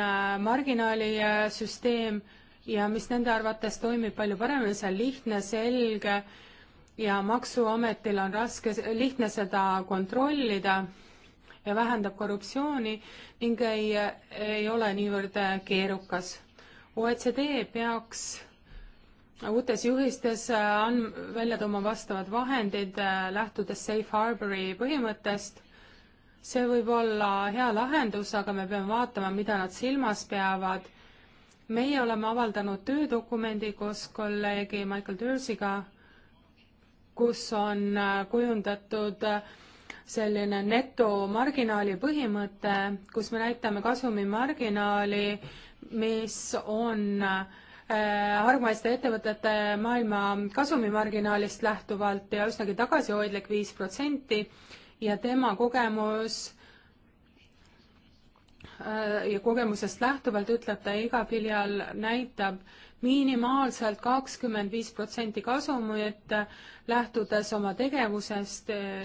marginaalisüsteem äh, ja mis nende arvates toimib palju paremini, see on lihtne, selge ja Maksuametil on raske, lihtne seda kontrollida ja vähendab korruptsiooni ning ei, ei ole niivõrd keerukas. OECD peaks uutes juhistes on välja tooma vastavad vahendid, lähtudes safe harbori põhimõttest. see võib olla hea lahendus, aga me peame vaatama, mida nad silmas peavad meie oleme avaldanud töödokumendi koos kolleegi Michael Dursiga, kus on äh, kujundatud äh, selline netomarginaali põhimõte, kus me näitame kasumimarginaali, mis on äh, hargmaiste ettevõtete maailma kasumimarginaalist lähtuvalt ja üsnagi tagasihoidlik viis protsenti ja tema kogemus Äh, ja kogemusest lähtuvalt ütleb ta, iga filiaal näitab minimaalselt kakskümmend viis protsenti kasumit, lähtudes oma tegevusest äh,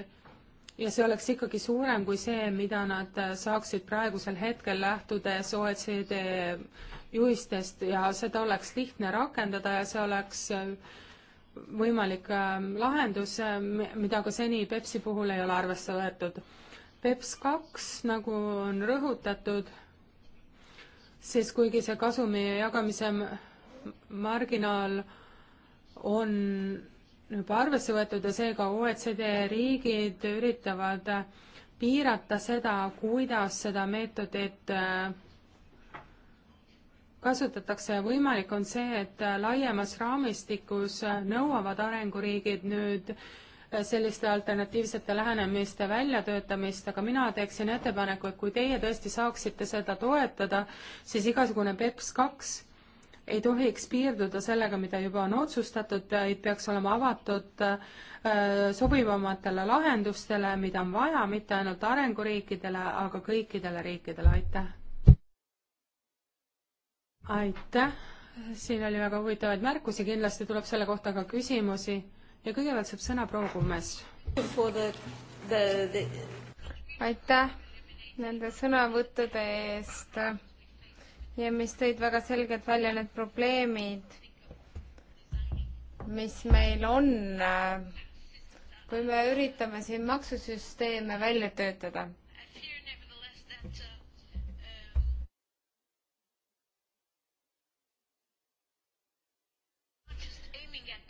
ja see oleks ikkagi suurem kui see, mida nad äh, saaksid praegusel hetkel lähtudes OECD juhistest ja seda oleks lihtne rakendada ja see oleks võimalik lahendus, mida ka seni Pepsi puhul ei ole arvesse võetud. BEPS kaks, nagu on rõhutatud, siis kuigi see kasumi jagamise marginaal on juba arvesse võetud ja seega OECD riigid üritavad piirata seda, kuidas seda meetodit äh, kasutatakse. võimalik on see, et laiemas raamistikus nõuavad arenguriigid nüüd äh, selliste alternatiivsete lähenemiste väljatöötamist, aga mina teeksin ettepaneku, et kui teie tõesti saaksite seda toetada, siis igasugune BEPS kaks ei tohiks piirduda sellega, mida juba on otsustatud, vaid peaks olema avatud äh, sobivamatele lahendustele, mida on vaja mitte ainult arenguriikidele, aga kõikidele riikidele, aitäh! aitäh, siin oli väga huvitavaid märkusi, kindlasti tuleb selle kohta ka küsimusi ja kõigepealt saab sõna proua Kummes. aitäh nende sõnavõttude eest ja mis tõid väga selgelt välja need probleemid, mis meil on, kui me üritame siin maksusüsteeme välja töötada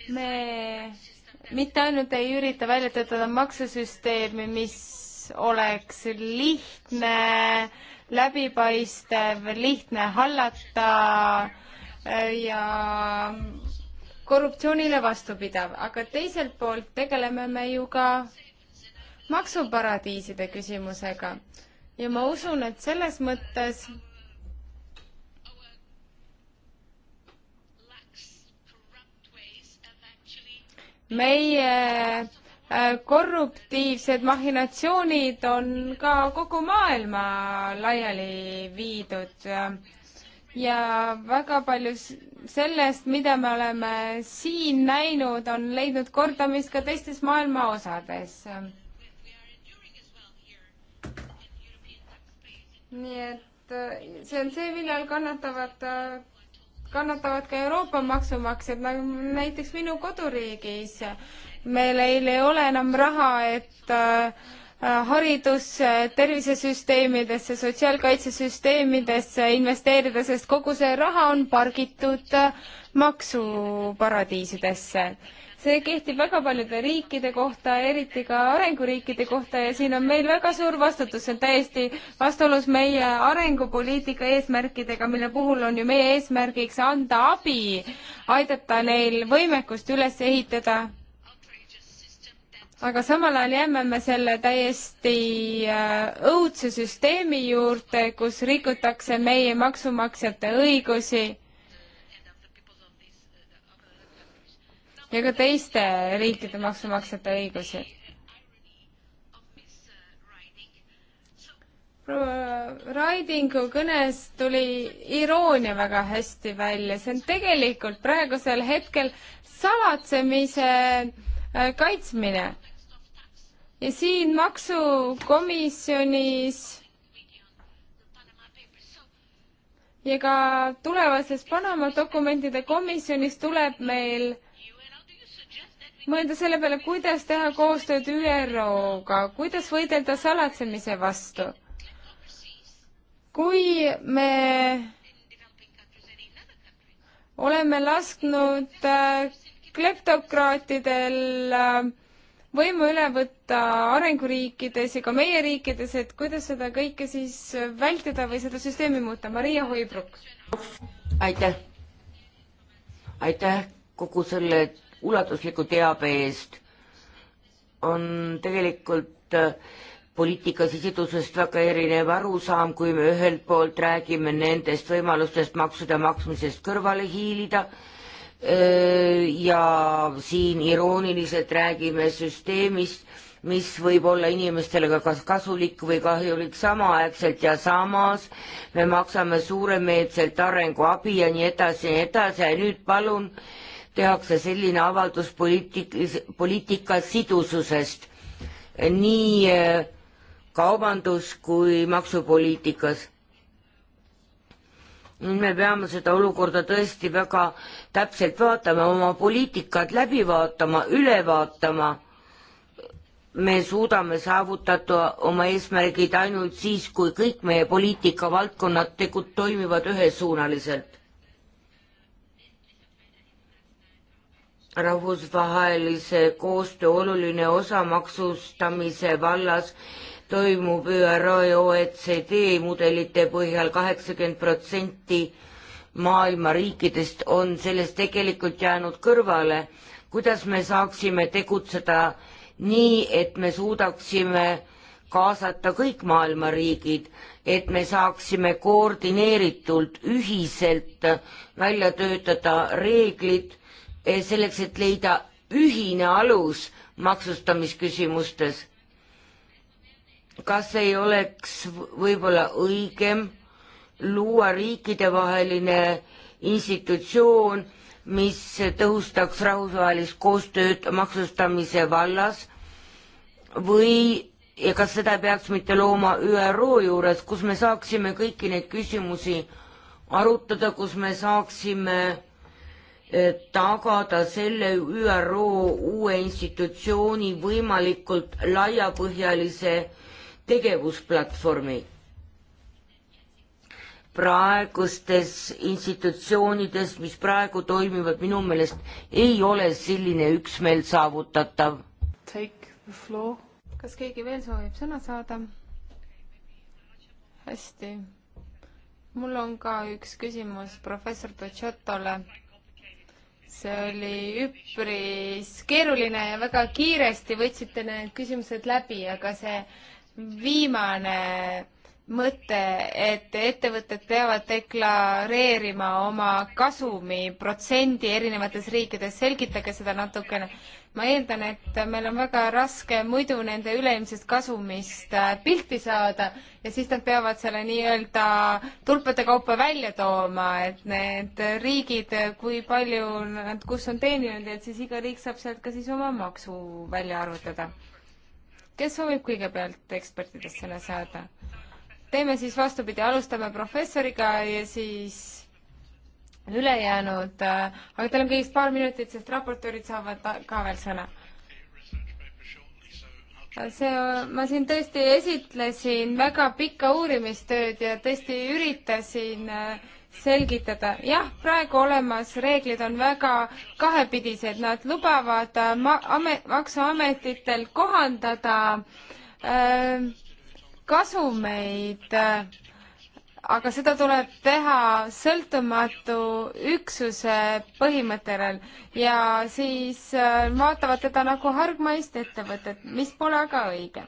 me mitte ainult ei ürita välja töötada maksusüsteemi, mis oleks lihtne, läbipaistev, lihtne hallata ja korruptsioonile vastupidav, aga teiselt poolt tegeleme me ju ka maksuparadiiside küsimusega. ja ma usun, et selles mõttes meie äh, korruptiivsed mahhinatsioonid on ka kogu maailma laiali viidud ja väga palju sellest, mida me oleme siin näinud, on leidnud kordamist ka teistes maailma osades nii et äh, see on see, millal kannatavad äh, kannatavad ka Euroopa maksumaksjad, nagu näiteks minu koduriigis. meil ei, ei ole enam raha, et äh, haridusse, tervisesüsteemidesse, sotsiaalkaitsesüsteemidesse investeerida, sest kogu see raha on pargitud äh, maksuparadiisidesse see kehtib väga paljude riikide kohta, eriti ka arenguriikide kohta ja siin on meil väga suur vastutus, see on täiesti vastuolus meie arengupoliitika eesmärkidega, mille puhul on ju meie eesmärgiks anda abi, aidata neil võimekust üles ehitada. aga samal ajal jääme me selle täiesti äh, õudse süsteemi juurde, kus rikutakse meie maksumaksjate õigusi ja ka teiste riikide maksumaksjate õigusi. proua Raidingu kõnes tuli iroonia väga hästi välja, see on tegelikult praegusel hetkel salatsemise äh, kaitsmine. ja siin maksukomisjonis ja ka tulevases Panama dokumentide komisjonis tuleb meil mõelda selle peale, kuidas teha koostööd ÜRO-ga, kuidas võidelda salatsemise vastu. kui me oleme lasknud äh, kleptokraatidel äh, võimu üle võtta arenguriikides ja ka meie riikides, et kuidas seda kõike siis vältida või seda süsteemi muuta. Maria Hoibruk. aitäh. aitäh kogu selle ulatusliku teabe eest, on tegelikult äh, poliitika sisidusest väga erinev arusaam, kui me ühelt poolt räägime nendest võimalustest maksude maksmisest kõrvale hiilida äh, ja siin irooniliselt räägime süsteemist, mis võib olla inimestele ka kas kasulik või kahjulik samaaegselt ja samas me maksame suuremeelselt arenguabi ja nii edasi ja nii edasi ja nüüd palun äh, tehakse selline avaldus poliitik-, poliitika sidususest nii eh, kaubandus- kui maksupoliitikas. nüüd me peame seda olukorda tõesti väga täpselt vaatama, oma poliitikad läbi vaatama, üle vaatama. me suudame saavutada oma eesmärgid ainult siis, kui kõik meie poliitikavaldkonnad tegu-, toimivad ühesuunaliselt rahvusvahelise koostöö oluline osa maksustamise vallas toimub ÜRO ja OECD mudelite põhjal kaheksakümmend protsenti maailma riikidest on sellest tegelikult jäänud kõrvale. kuidas me saaksime tegutseda nii, et me suudaksime kaasata kõik maailma riigid, et me saaksime koordineeritult ühiselt välja töötada reeglid, Eh, selleks, et leida ühine alus maksustamisküsimustes. kas ei oleks võib-olla õigem luua riikidevaheline institutsioon, mis tõhustaks rahvusvahelist koostööd maksustamise vallas või ja kas seda ei peaks mitte looma ÜRO juures, kus me saaksime kõiki neid küsimusi arutada, kus me saaksime Eh, tagada selle ÜRO uue institutsiooni võimalikult laiapõhjalise tegevusplatvormi. praegustes institutsioonides, mis praegu toimivad, minu meelest ei ole selline üksmeel saavutatav. kas keegi veel soovib sõna saada? hästi. mul on ka üks küsimus professor Tocciotole see oli üpris keeruline ja väga kiiresti võtsite need küsimused läbi, aga see viimane mõte, et ettevõtted peavad deklareerima oma kasumi protsendi erinevates riikides, selgitage seda natukene. ma eeldan, et meil on väga raske muidu nende üleilmsest kasumist äh, pilti saada ja siis nad peavad selle nii-öelda tulpade kaupa välja tooma, et need riigid, kui palju nad, kus on teeninud, et siis iga riik saab sealt ka siis oma maksu välja arvutada. kes soovib kõigepealt ekspertidest sõna saada? teeme siis vastupidi, alustame professoriga ja siis ülejäänud, äh, aga teil on kõigest paar minutit, sest raportöörid saavad ka veel sõna. see, ma siin tõesti esitlesin väga pikka uurimistööd ja tõesti üritasin äh, selgitada, jah, praegu olemas reeglid on väga kahepidised, nad lubavad äh, ma-, amet, maksuametitel kohandada äh, kasumeid, aga seda tuleb teha sõltumatu üksuse põhimõttel ja siis äh, vaatavad teda nagu hargmaist ettevõtet, mis pole aga õige.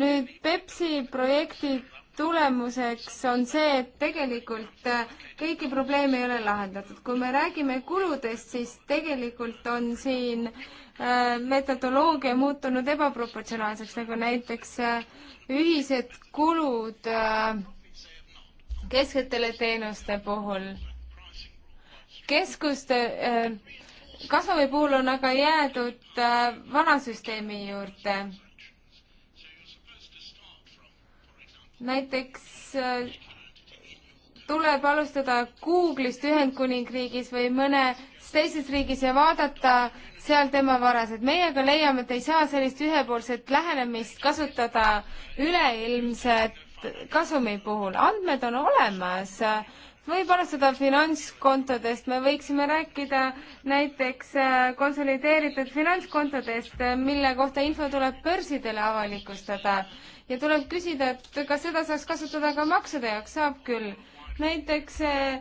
nüüd Pepsi projektid tulemuseks on see, et tegelikult äh, kõiki probleeme ei ole lahendatud. kui me räägime kuludest, siis tegelikult on siin äh, metodoloogia muutunud ebaproportsionaalseks, nagu näiteks äh, ühised kulud kesksetele teenuste puhul. keskuste kasumi puhul on aga jäädud vana süsteemi juurde näiteks äh, tuleb alustada Google'ist Ühendkuningriigis või mõnes teises riigis ja vaadata seal tema varasid. meiega leiame, et ei saa sellist ühepoolset lähenemist kasutada üleilmset kasumi puhul. andmed on olemas, võib alustada finantskontodest, me võiksime rääkida näiteks äh, konsolideeritud finantskontodest, mille kohta info tuleb börsidele avalikustada ja tuleb küsida, et kas seda saaks kasutada ka maksude jaoks, saab küll. näiteks eh,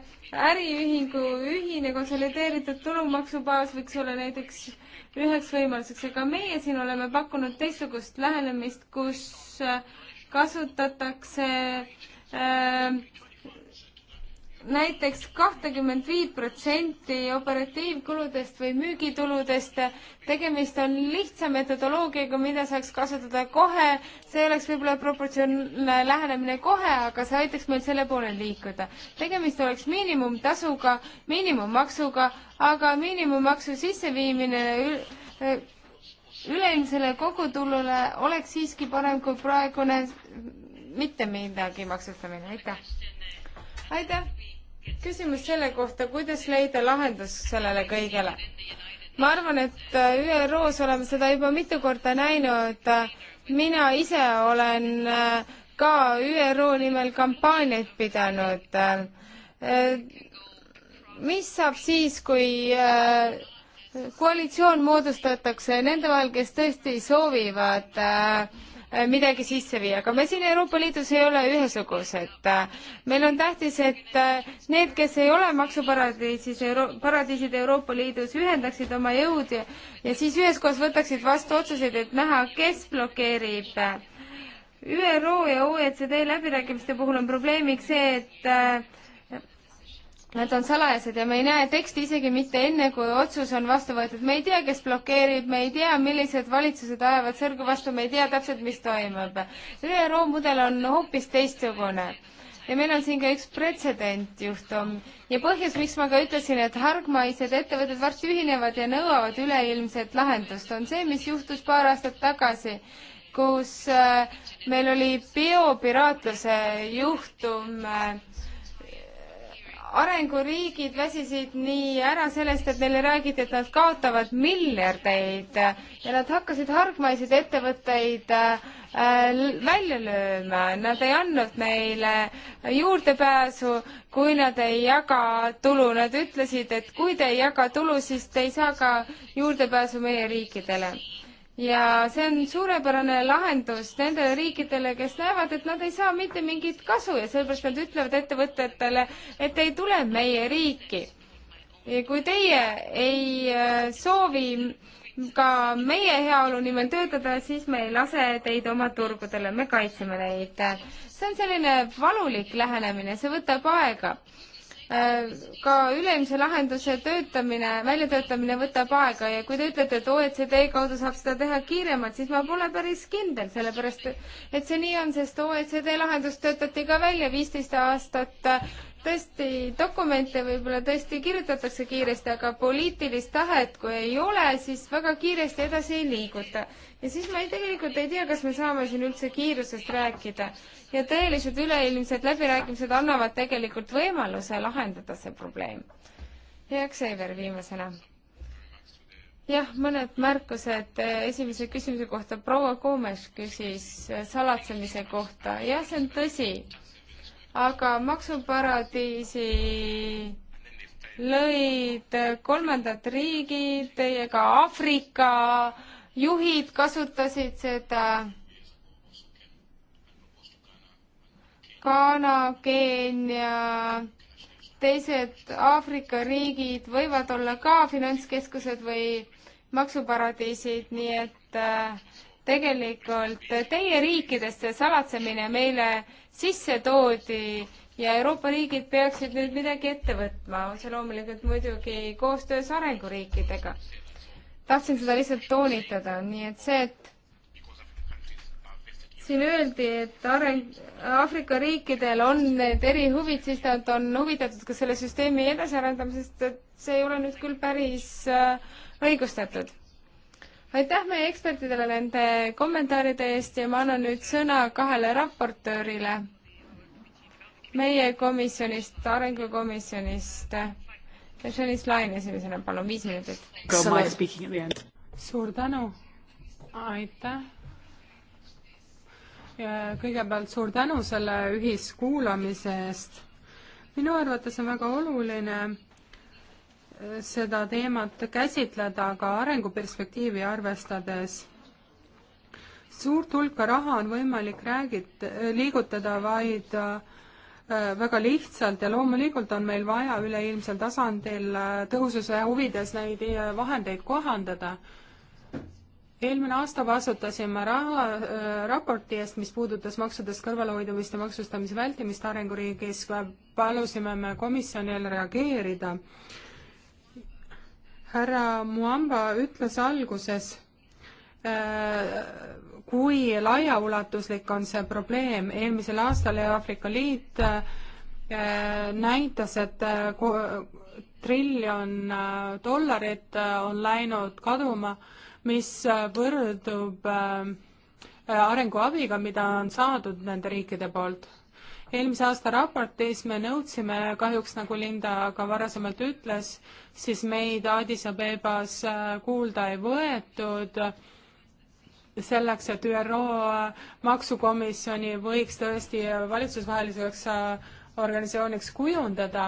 äriühingu ühine konsolideeritud tulumaksubaas võiks olla näiteks üheks võimaluseks, aga meie siin oleme pakkunud teistsugust lähenemist, kus eh, kasutatakse äh, näiteks kahtekümmend viit protsenti operatiivkuludest või müügituludest. tegemist on lihtsa metodoloogiaga, mida saaks kasutada kohe. see oleks võib-olla proportsionaalne lähenemine kohe, aga see aitaks meil selle poole liikuda. tegemist oleks miinimumtasuga, miinimummaksuga, aga miinimummaksu sisseviimine üleilmsele kogutulule oleks siiski parem kui praegune mitte midagi maksustamine. aitäh! aitäh! küsimus selle kohta, kuidas leida lahendus sellele kõigele. ma arvan, et äh, ÜRO-s oleme seda juba mitu korda näinud. mina ise olen äh, ka ÜRO nimel kampaaniaid pidanud. Äh, mis saab siis, kui koalitsioon moodustatakse nende vahel, kes tõesti soovivad äh, Äh, midagi sisse viia, aga me siin Euroopa Liidus ei ole ühesugused. meil on tähtis, et äh, need, kes ei ole maksuparadiisis Euro, paradiisid Euroopa Liidus, ühendaksid oma jõud ja, ja siis üheskoos võtaksid vastu otsuseid, et näha, kes blokeerib. ÜRO ja OECD läbirääkimiste puhul on probleemiks see, et äh, Nad on salajased ja me ei näe teksti isegi mitte enne, kui otsus on vastu võetud. me ei tea, kes blokeerib, me ei tea, millised valitsused ajavad sõrgu vastu, me ei tea täpselt, mis toimub. ÜRO mudel on hoopis teistsugune ja meil on siin ka üks pretsedentjuhtum ja põhjus, miks ma ka ütlesin, et hargmaised ettevõtted varsti ühinevad ja nõuavad üleilmset lahendust, on see, mis juhtus paar aastat tagasi, kus äh, meil oli biopiraatluse juhtum äh, arenguriigid väsisid nii ära sellest, et neile räägiti, et nad kaotavad miljardeid ja nad hakkasid hargmaiseid ettevõtteid äh, välja lööma, nad ei andnud neile juurdepääsu, kui nad ei jaga tulu, nad ütlesid, et kui te ei jaga tulu, siis te ei saa ka juurdepääsu meie riikidele ja see on suurepärane lahendus nendele riikidele, kes näevad, et nad ei saa mitte mingit kasu ja sellepärast nad ütlevad ettevõtetele, et ei tule meie riiki. kui teie ei äh, soovi ka meie heaolu nimel töötada, siis me ei lase teid oma turgudele, me kaitseme neid. see on selline valulik lähenemine, see võtab aega Äh, ka üleilmse lahenduse töötamine, väljatöötamine võtab aega ja kui te ütlete, et OECD kaudu saab seda teha kiiremalt, siis ma pole päris kindel, sellepärast et see nii on, sest OECD lahendus töötati ka välja viisteist aastat tõesti, dokumente võib-olla tõesti kirjutatakse kiiresti, aga poliitilist tahet, kui ei ole, siis väga kiiresti edasi ei liiguta ja siis ma ei, tegelikult ei tea, kas me saame siin üldse kiirusest rääkida. ja tõelised üleilmsed läbirääkimised annavad tegelikult võimaluse lahendada see probleem. Jaak Seiver viimasena jah, mõned märkused eh, esimese küsimuse kohta. proua Koomes küsis eh, salatsemise kohta. jah, see on tõsi, aga maksuparadiisi lõid kolmandad riigid ja ka Aafrika äh, juhid kasutasid seda Ghana, Keenia, teised Aafrika riigid võivad olla ka finantskeskused või maksuparadiisid, nii et äh, tegelikult teie riikidesse salatsemine meile sisse toodi ja Euroopa riigid peaksid nüüd midagi ette võtma, otse loomulikult muidugi koostöös arenguriikidega tahtsin seda lihtsalt toonitada, nii et see, et siin öeldi, et areng, Aafrika riikidel on need erihuvid, siis nad on huvitatud ka selle süsteemi edasiarendamisest, et see ei ole nüüd küll päris äh, õigustatud. aitäh meie ekspertidele nende kommentaaride eest ja ma annan nüüd sõna kahele raportöörile meie komisjonist, arengukomisjonist ja Janice Laine esimesena, palun, viis minutit. suur tänu, aitäh ja kõigepealt suur tänu selle ühiskuulamise eest. minu arvates on väga oluline eh, seda teemat käsitleda ka arenguperspektiivi arvestades. suurt hulka raha on võimalik räägit-, liigutada vaid eh, Äh, väga lihtsalt ja loomulikult on meil vaja üleilmsel tasandil äh, tõhususe huvides neid äh, vahendeid kohandada. eelmine aasta vastutasime ma raha, raporti eest, mis puudutas maksudest kõrvalehoidumist ja maksustamise vältimist arenguriigis, palusime me komisjonil reageerida. härra Muamba ütles alguses äh, kui laiaulatuslik on see probleem. eelmisel aastal Aafrika Liit äh, näitas, et äh, triljon äh, dollarit on läinud kaduma, mis võrdub arenguabiga, mida on saadud nende riikide poolt. eelmise aasta raportis me nõudsime kahjuks, nagu Linda ka varasemalt ütles, siis meid Addis Abebas kuulda ei võetud selleks, et ÜRO maksukomisjoni võiks tõesti valitsusvaheliseks äh, organisatsiooniks kujundada,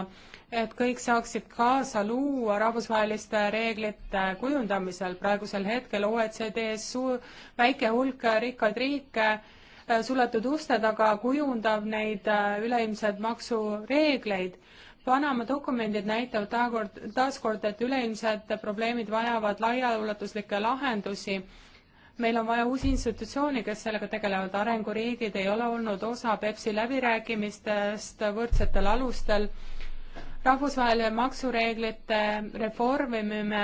et kõik saaksid kaasa luua rahvusvaheliste reeglite kujundamisel. praegusel hetkel OECD-s suur, väike hulk rikkaid riike äh, suletud uste taga kujundab neid äh, üleilmseid maksureegleid. Panama dokumendid näitavad taaskord, taaskord, et üleilmsed probleemid vajavad laiaulatuslikke lahendusi meil on vaja uusi institutsioone, kes sellega tegelevad, arenguriigid ei ole olnud osa Pepsi läbirääkimistest võrdsetel alustel. rahvusvaheline maksureeglite reformimine,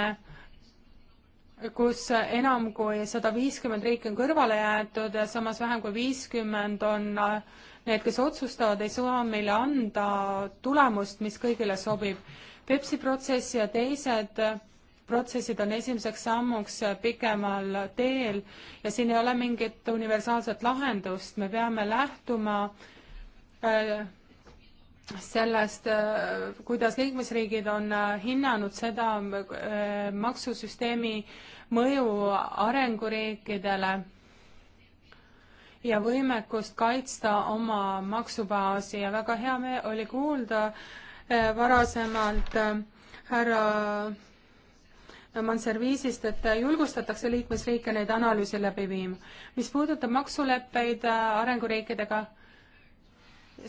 kus enam kui sada viiskümmend riiki on kõrvale jäetud ja samas vähem kui viiskümmend on äh, need, kes otsustavad, ei saa meile anda tulemust, mis kõigile sobib. Pepsi protsess ja teised protsessid on esimeseks sammuks äh, pikemal teel ja siin ei ole mingit universaalset lahendust, me peame lähtuma äh, sellest, äh, kuidas liikmesriigid on hinnanud seda maksusüsteemi mõju arenguriikidele ja võimekust kaitsta oma maksubaasi ja väga hea meel oli kuulda varasemalt härra Manserviisist, et julgustatakse liikmesriike neid analüüse läbi viima. mis puudutab maksuleppeid äh, arenguriikidega,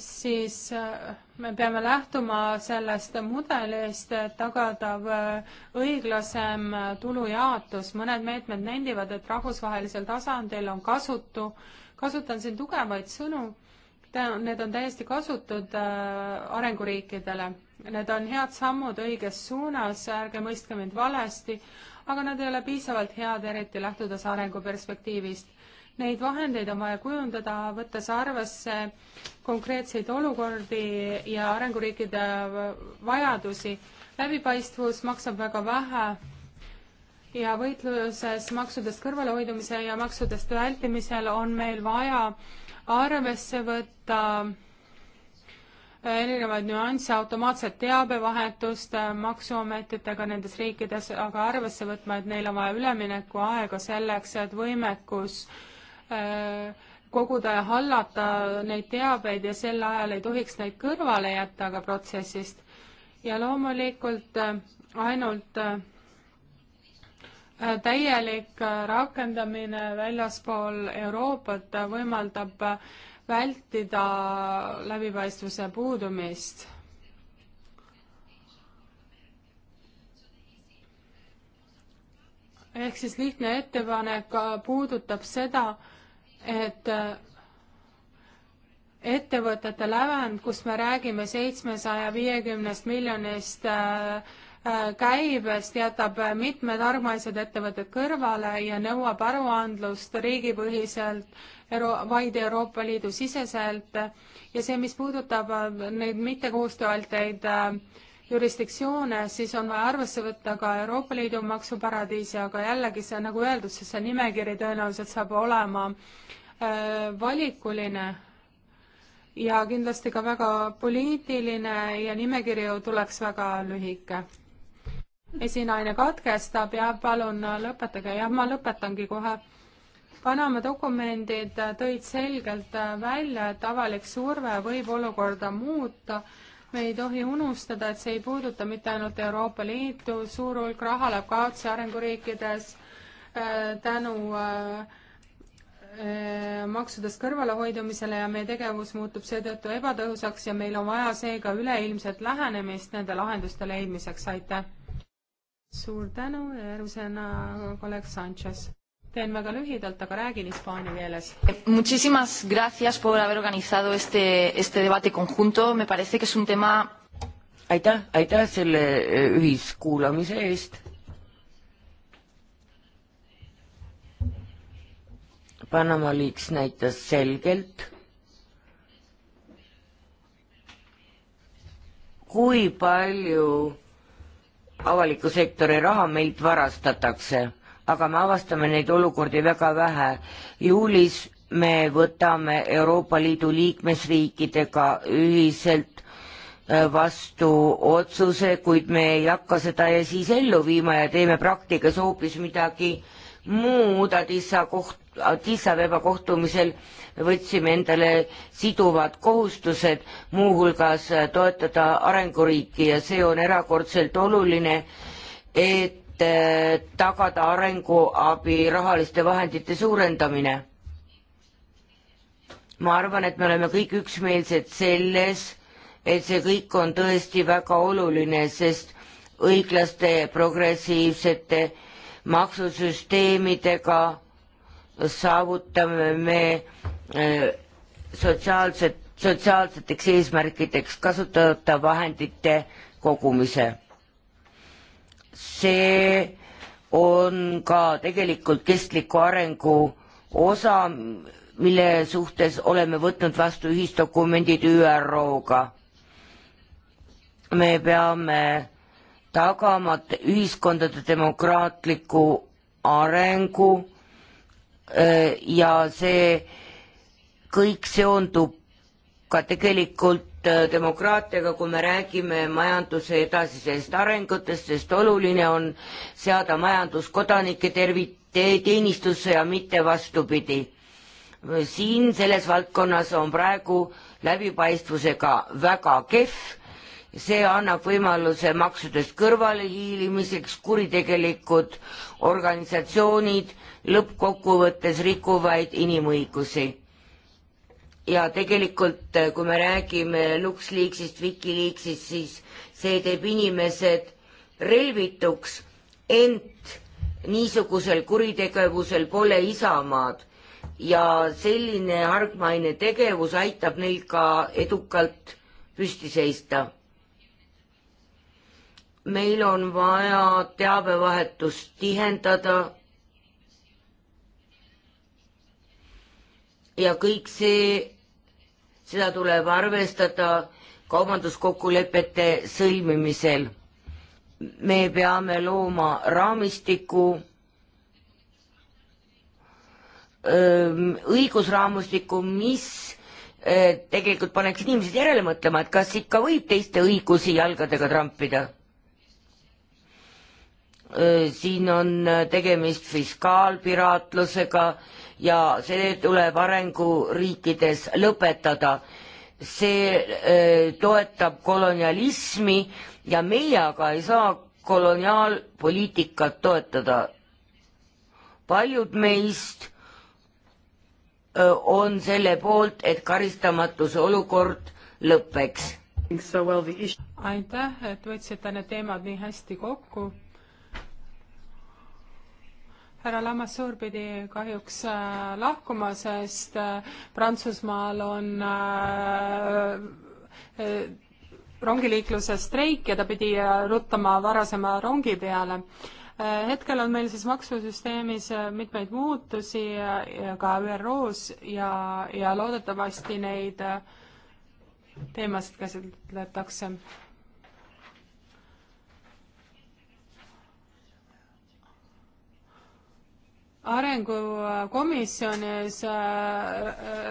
siis äh, me peame lähtuma sellest mudelist, et tagada äh, õiglasem tulujaotus. mõned meetmed nendivad, et rahvusvahelisel tasandil on kasutu, kasutan siin tugevaid sõnu, need on täiesti kasutud arenguriikidele Need on head sammud õiges suunas, ärge mõistke mind valesti, aga nad ei ole piisavalt head, eriti lähtudes arenguperspektiivist. Neid vahendeid on vaja kujundada, võttes arvesse konkreetseid olukordi ja arenguriikide vajadusi. läbipaistvus maksab väga vähe ja võitluses maksudest kõrvalehoidumise ja maksudest vältimisel on meil vaja arvesse võtta Äh, erinevaid nüansse, automaatset teabevahetust äh, maksuametitega nendes riikides, aga arvesse võtma, et neil on vaja üleminekuaega selleks, et võimekus äh, koguda ja hallata neid teabeid ja sel ajal ei tohiks neid kõrvale jätta ka protsessist. ja loomulikult ainult täielik rakendamine väljaspool Euroopat võimaldab vältida läbipaistvuse puudumist. ehk siis lihtne ettepanek puudutab seda, et ettevõtete lävend, kus me räägime seitsmesaja viiekümnest miljonist äh, käibest, jätab mitmed armaisad ettevõtted kõrvale ja nõuab aruandlust riigipõhiselt euro-, vaid Euroopa Liidu siseselt ja see, mis puudutab äh, neid mittekoostööalteid äh, jurisdiktsioone, siis on vaja arvesse võtta ka Euroopa Liidu maksuparadiise, aga jällegi see, nagu öeldud, siis see nimekiri tõenäoliselt saab olema äh, valikuline ja kindlasti ka väga poliitiline ja nimekirju tuleks väga lühike esinaine katkestab ja palun lõpetage, jah, ma lõpetangi kohe Panama dokumendid tõid selgelt välja, et avalik surve võib olukorda muuta. me ei tohi unustada, et see ei puuduta mitte ainult Euroopa Liitu, suur hulk raha läheb kaotsi arenguriikides äh, tänu äh, äh, maksudest kõrvalehoidumisele ja meie tegevus muutub seetõttu ebatõhusaks ja meil on vaja seega üleilmset lähenemist nende lahenduste leidmiseks, aitäh! suur tänu ja järgmisena kolleeg Sanchez teen väga lühidalt, aga räägin hispaania keeles. Muchísimas gracias por haber organizado este, este debate conjunto, me parece que es un tema aitäh, aitäh selle eh, ühiskuulamise eest. Panama Leaks näitas selgelt, kui palju avaliku sektori raha meilt varastatakse aga me avastame neid olukordi väga vähe. juulis me võtame Euroopa Liidu liikmesriikidega ühiselt äh, vastu otsuse, kuid me ei hakka seda ja siis ellu viima ja teeme praktikas hoopis midagi muud Adissa koht, Adissa Beba kohtumisel võtsime endale siduvad kohustused, muuhulgas äh, toetada arenguriiki ja see on erakordselt oluline, et et äh, tagada arenguabi rahaliste vahendite suurendamine. ma arvan, et me oleme kõik üksmeelsed selles, et see kõik on tõesti väga oluline, sest õiglaste progressiivsete maksusüsteemidega saavutame me äh, sotsiaalset, sotsiaalseteks eesmärkideks kasutatavate vahendite kogumise see on ka tegelikult kestliku arengu osa, mille suhtes oleme võtnud vastu ühisdokumendid ÜRO-ga. me peame tagama ühiskondade demokraatliku arengu e, ja see kõik seondub ka tegelikult Äh, demokraatiaga, kui me räägime majanduse edasisest arengutest, sest oluline on seada majandus kodanike tervi-, teenistusse ja mitte vastupidi. siin selles valdkonnas on praegu läbipaistvusega väga kehv, see annab võimaluse maksudest kõrvalehiilimiseks, kuritegelikud organisatsioonid lõppkokkuvõttes rikuvad inimõigusi ja tegelikult, eh, kui me räägime LuxLeaksist, Wikileaksist, siis see teeb inimesed relvituks, ent niisugusel kuritegevusel pole isamaad ja selline hargmaine tegevus aitab neil ka edukalt püsti seista. meil on vaja teabevahetust tihendada ja kõik see seda tuleb arvestada kaubanduskokkulepete sõlmimisel. me peame looma raamistiku, õigusraamustiku, mis tegelikult paneks inimesed järele mõtlema, et kas ikka võib teiste õigusi jalgadega trampida. siin on tegemist fiskaalpiraatlusega ja see tuleb arenguriikides lõpetada. see öö, äh, toetab kolonialismi ja meie aga ei saa koloniaalpoliitikat toetada. paljud meist öö, äh, on selle poolt, et karistamatuse olukord lõpeks. aitäh, et võtsite need teemad nii hästi kokku härra Lamassoor pidi kahjuks äh, lahkuma, sest äh, Prantsusmaal on äh, rongiliikluses streik ja ta pidi ruttama varasema rongi peale hetkel on meil siis maksusüsteemis mitmeid muutusi ka ÜRO-s ja, ja loodetavasti neid teemasid käsitletakse. arengukomisjonis äh, äh,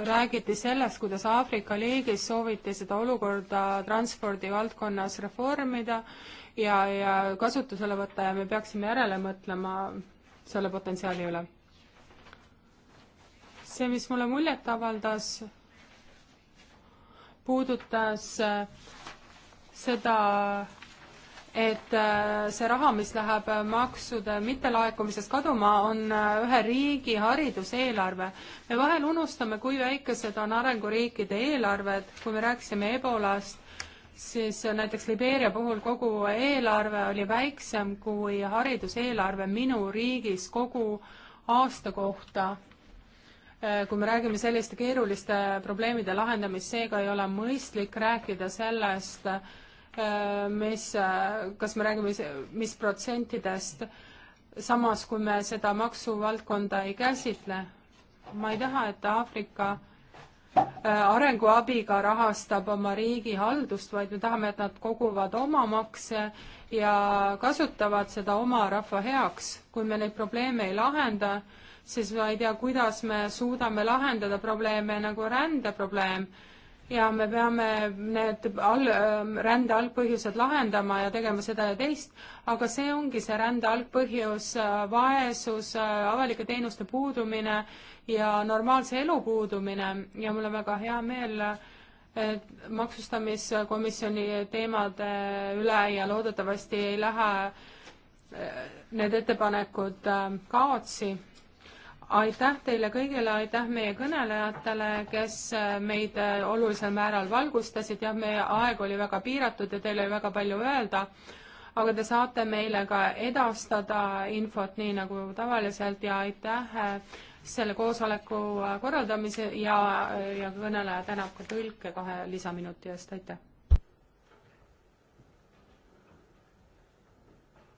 räägiti sellest, kuidas Aafrika liigis sooviti seda olukorda transpordi valdkonnas reformida ja, ja kasutusele võtta ja me peaksime järele mõtlema selle potentsiaali üle. see, mis mulle muljet avaldas, puudutas äh, seda et äh, see raha, mis läheb äh, maksude mittelaekumisest kaduma, on äh, ühe riigi hariduseelarve. me vahel unustame, kui väikesed on arenguriikide eelarved, kui me rääkisime Ebolast, siis näiteks Libeeria puhul kogu eelarve oli väiksem kui hariduseelarve minu riigis kogu aasta kohta. kui me räägime selliste keeruliste probleemide lahendamist, seega ei ole mõistlik rääkida sellest, Äh, mis, äh, kas me räägime, mis protsentidest, samas kui me seda maksuvaldkonda ei käsitle. ma ei taha, et Aafrika äh, arenguabiga rahastab oma riigi haldust, vaid me tahame, et nad koguvad oma makse ja kasutavad seda oma rahva heaks. kui me neid probleeme ei lahenda, siis ma ei tea, kuidas me suudame lahendada probleeme nagu rändeprobleem ja me peame need all, ähm, rände algpõhjused lahendama ja tegema seda ja teist, aga see ongi see rände algpõhjus, äh, vaesus, äh, avalike teenuste puudumine ja normaalse elu puudumine ja mul on väga hea meel maksustamiskomisjoni teemade üle ja loodetavasti ei lähe äh, need ettepanekud kaotsi aitäh teile kõigile, aitäh meie kõnelejatele, kes äh, meid äh, olulisel määral valgustasid, jah, meie aeg oli väga piiratud ja teil oli väga palju öelda, aga te saate meile ka edastada infot nii nagu tavaliselt ja aitäh äh, selle koosoleku korraldamise ja, ja kõneleja tänab ka tõlke kahe lisaminuti eest, aitäh!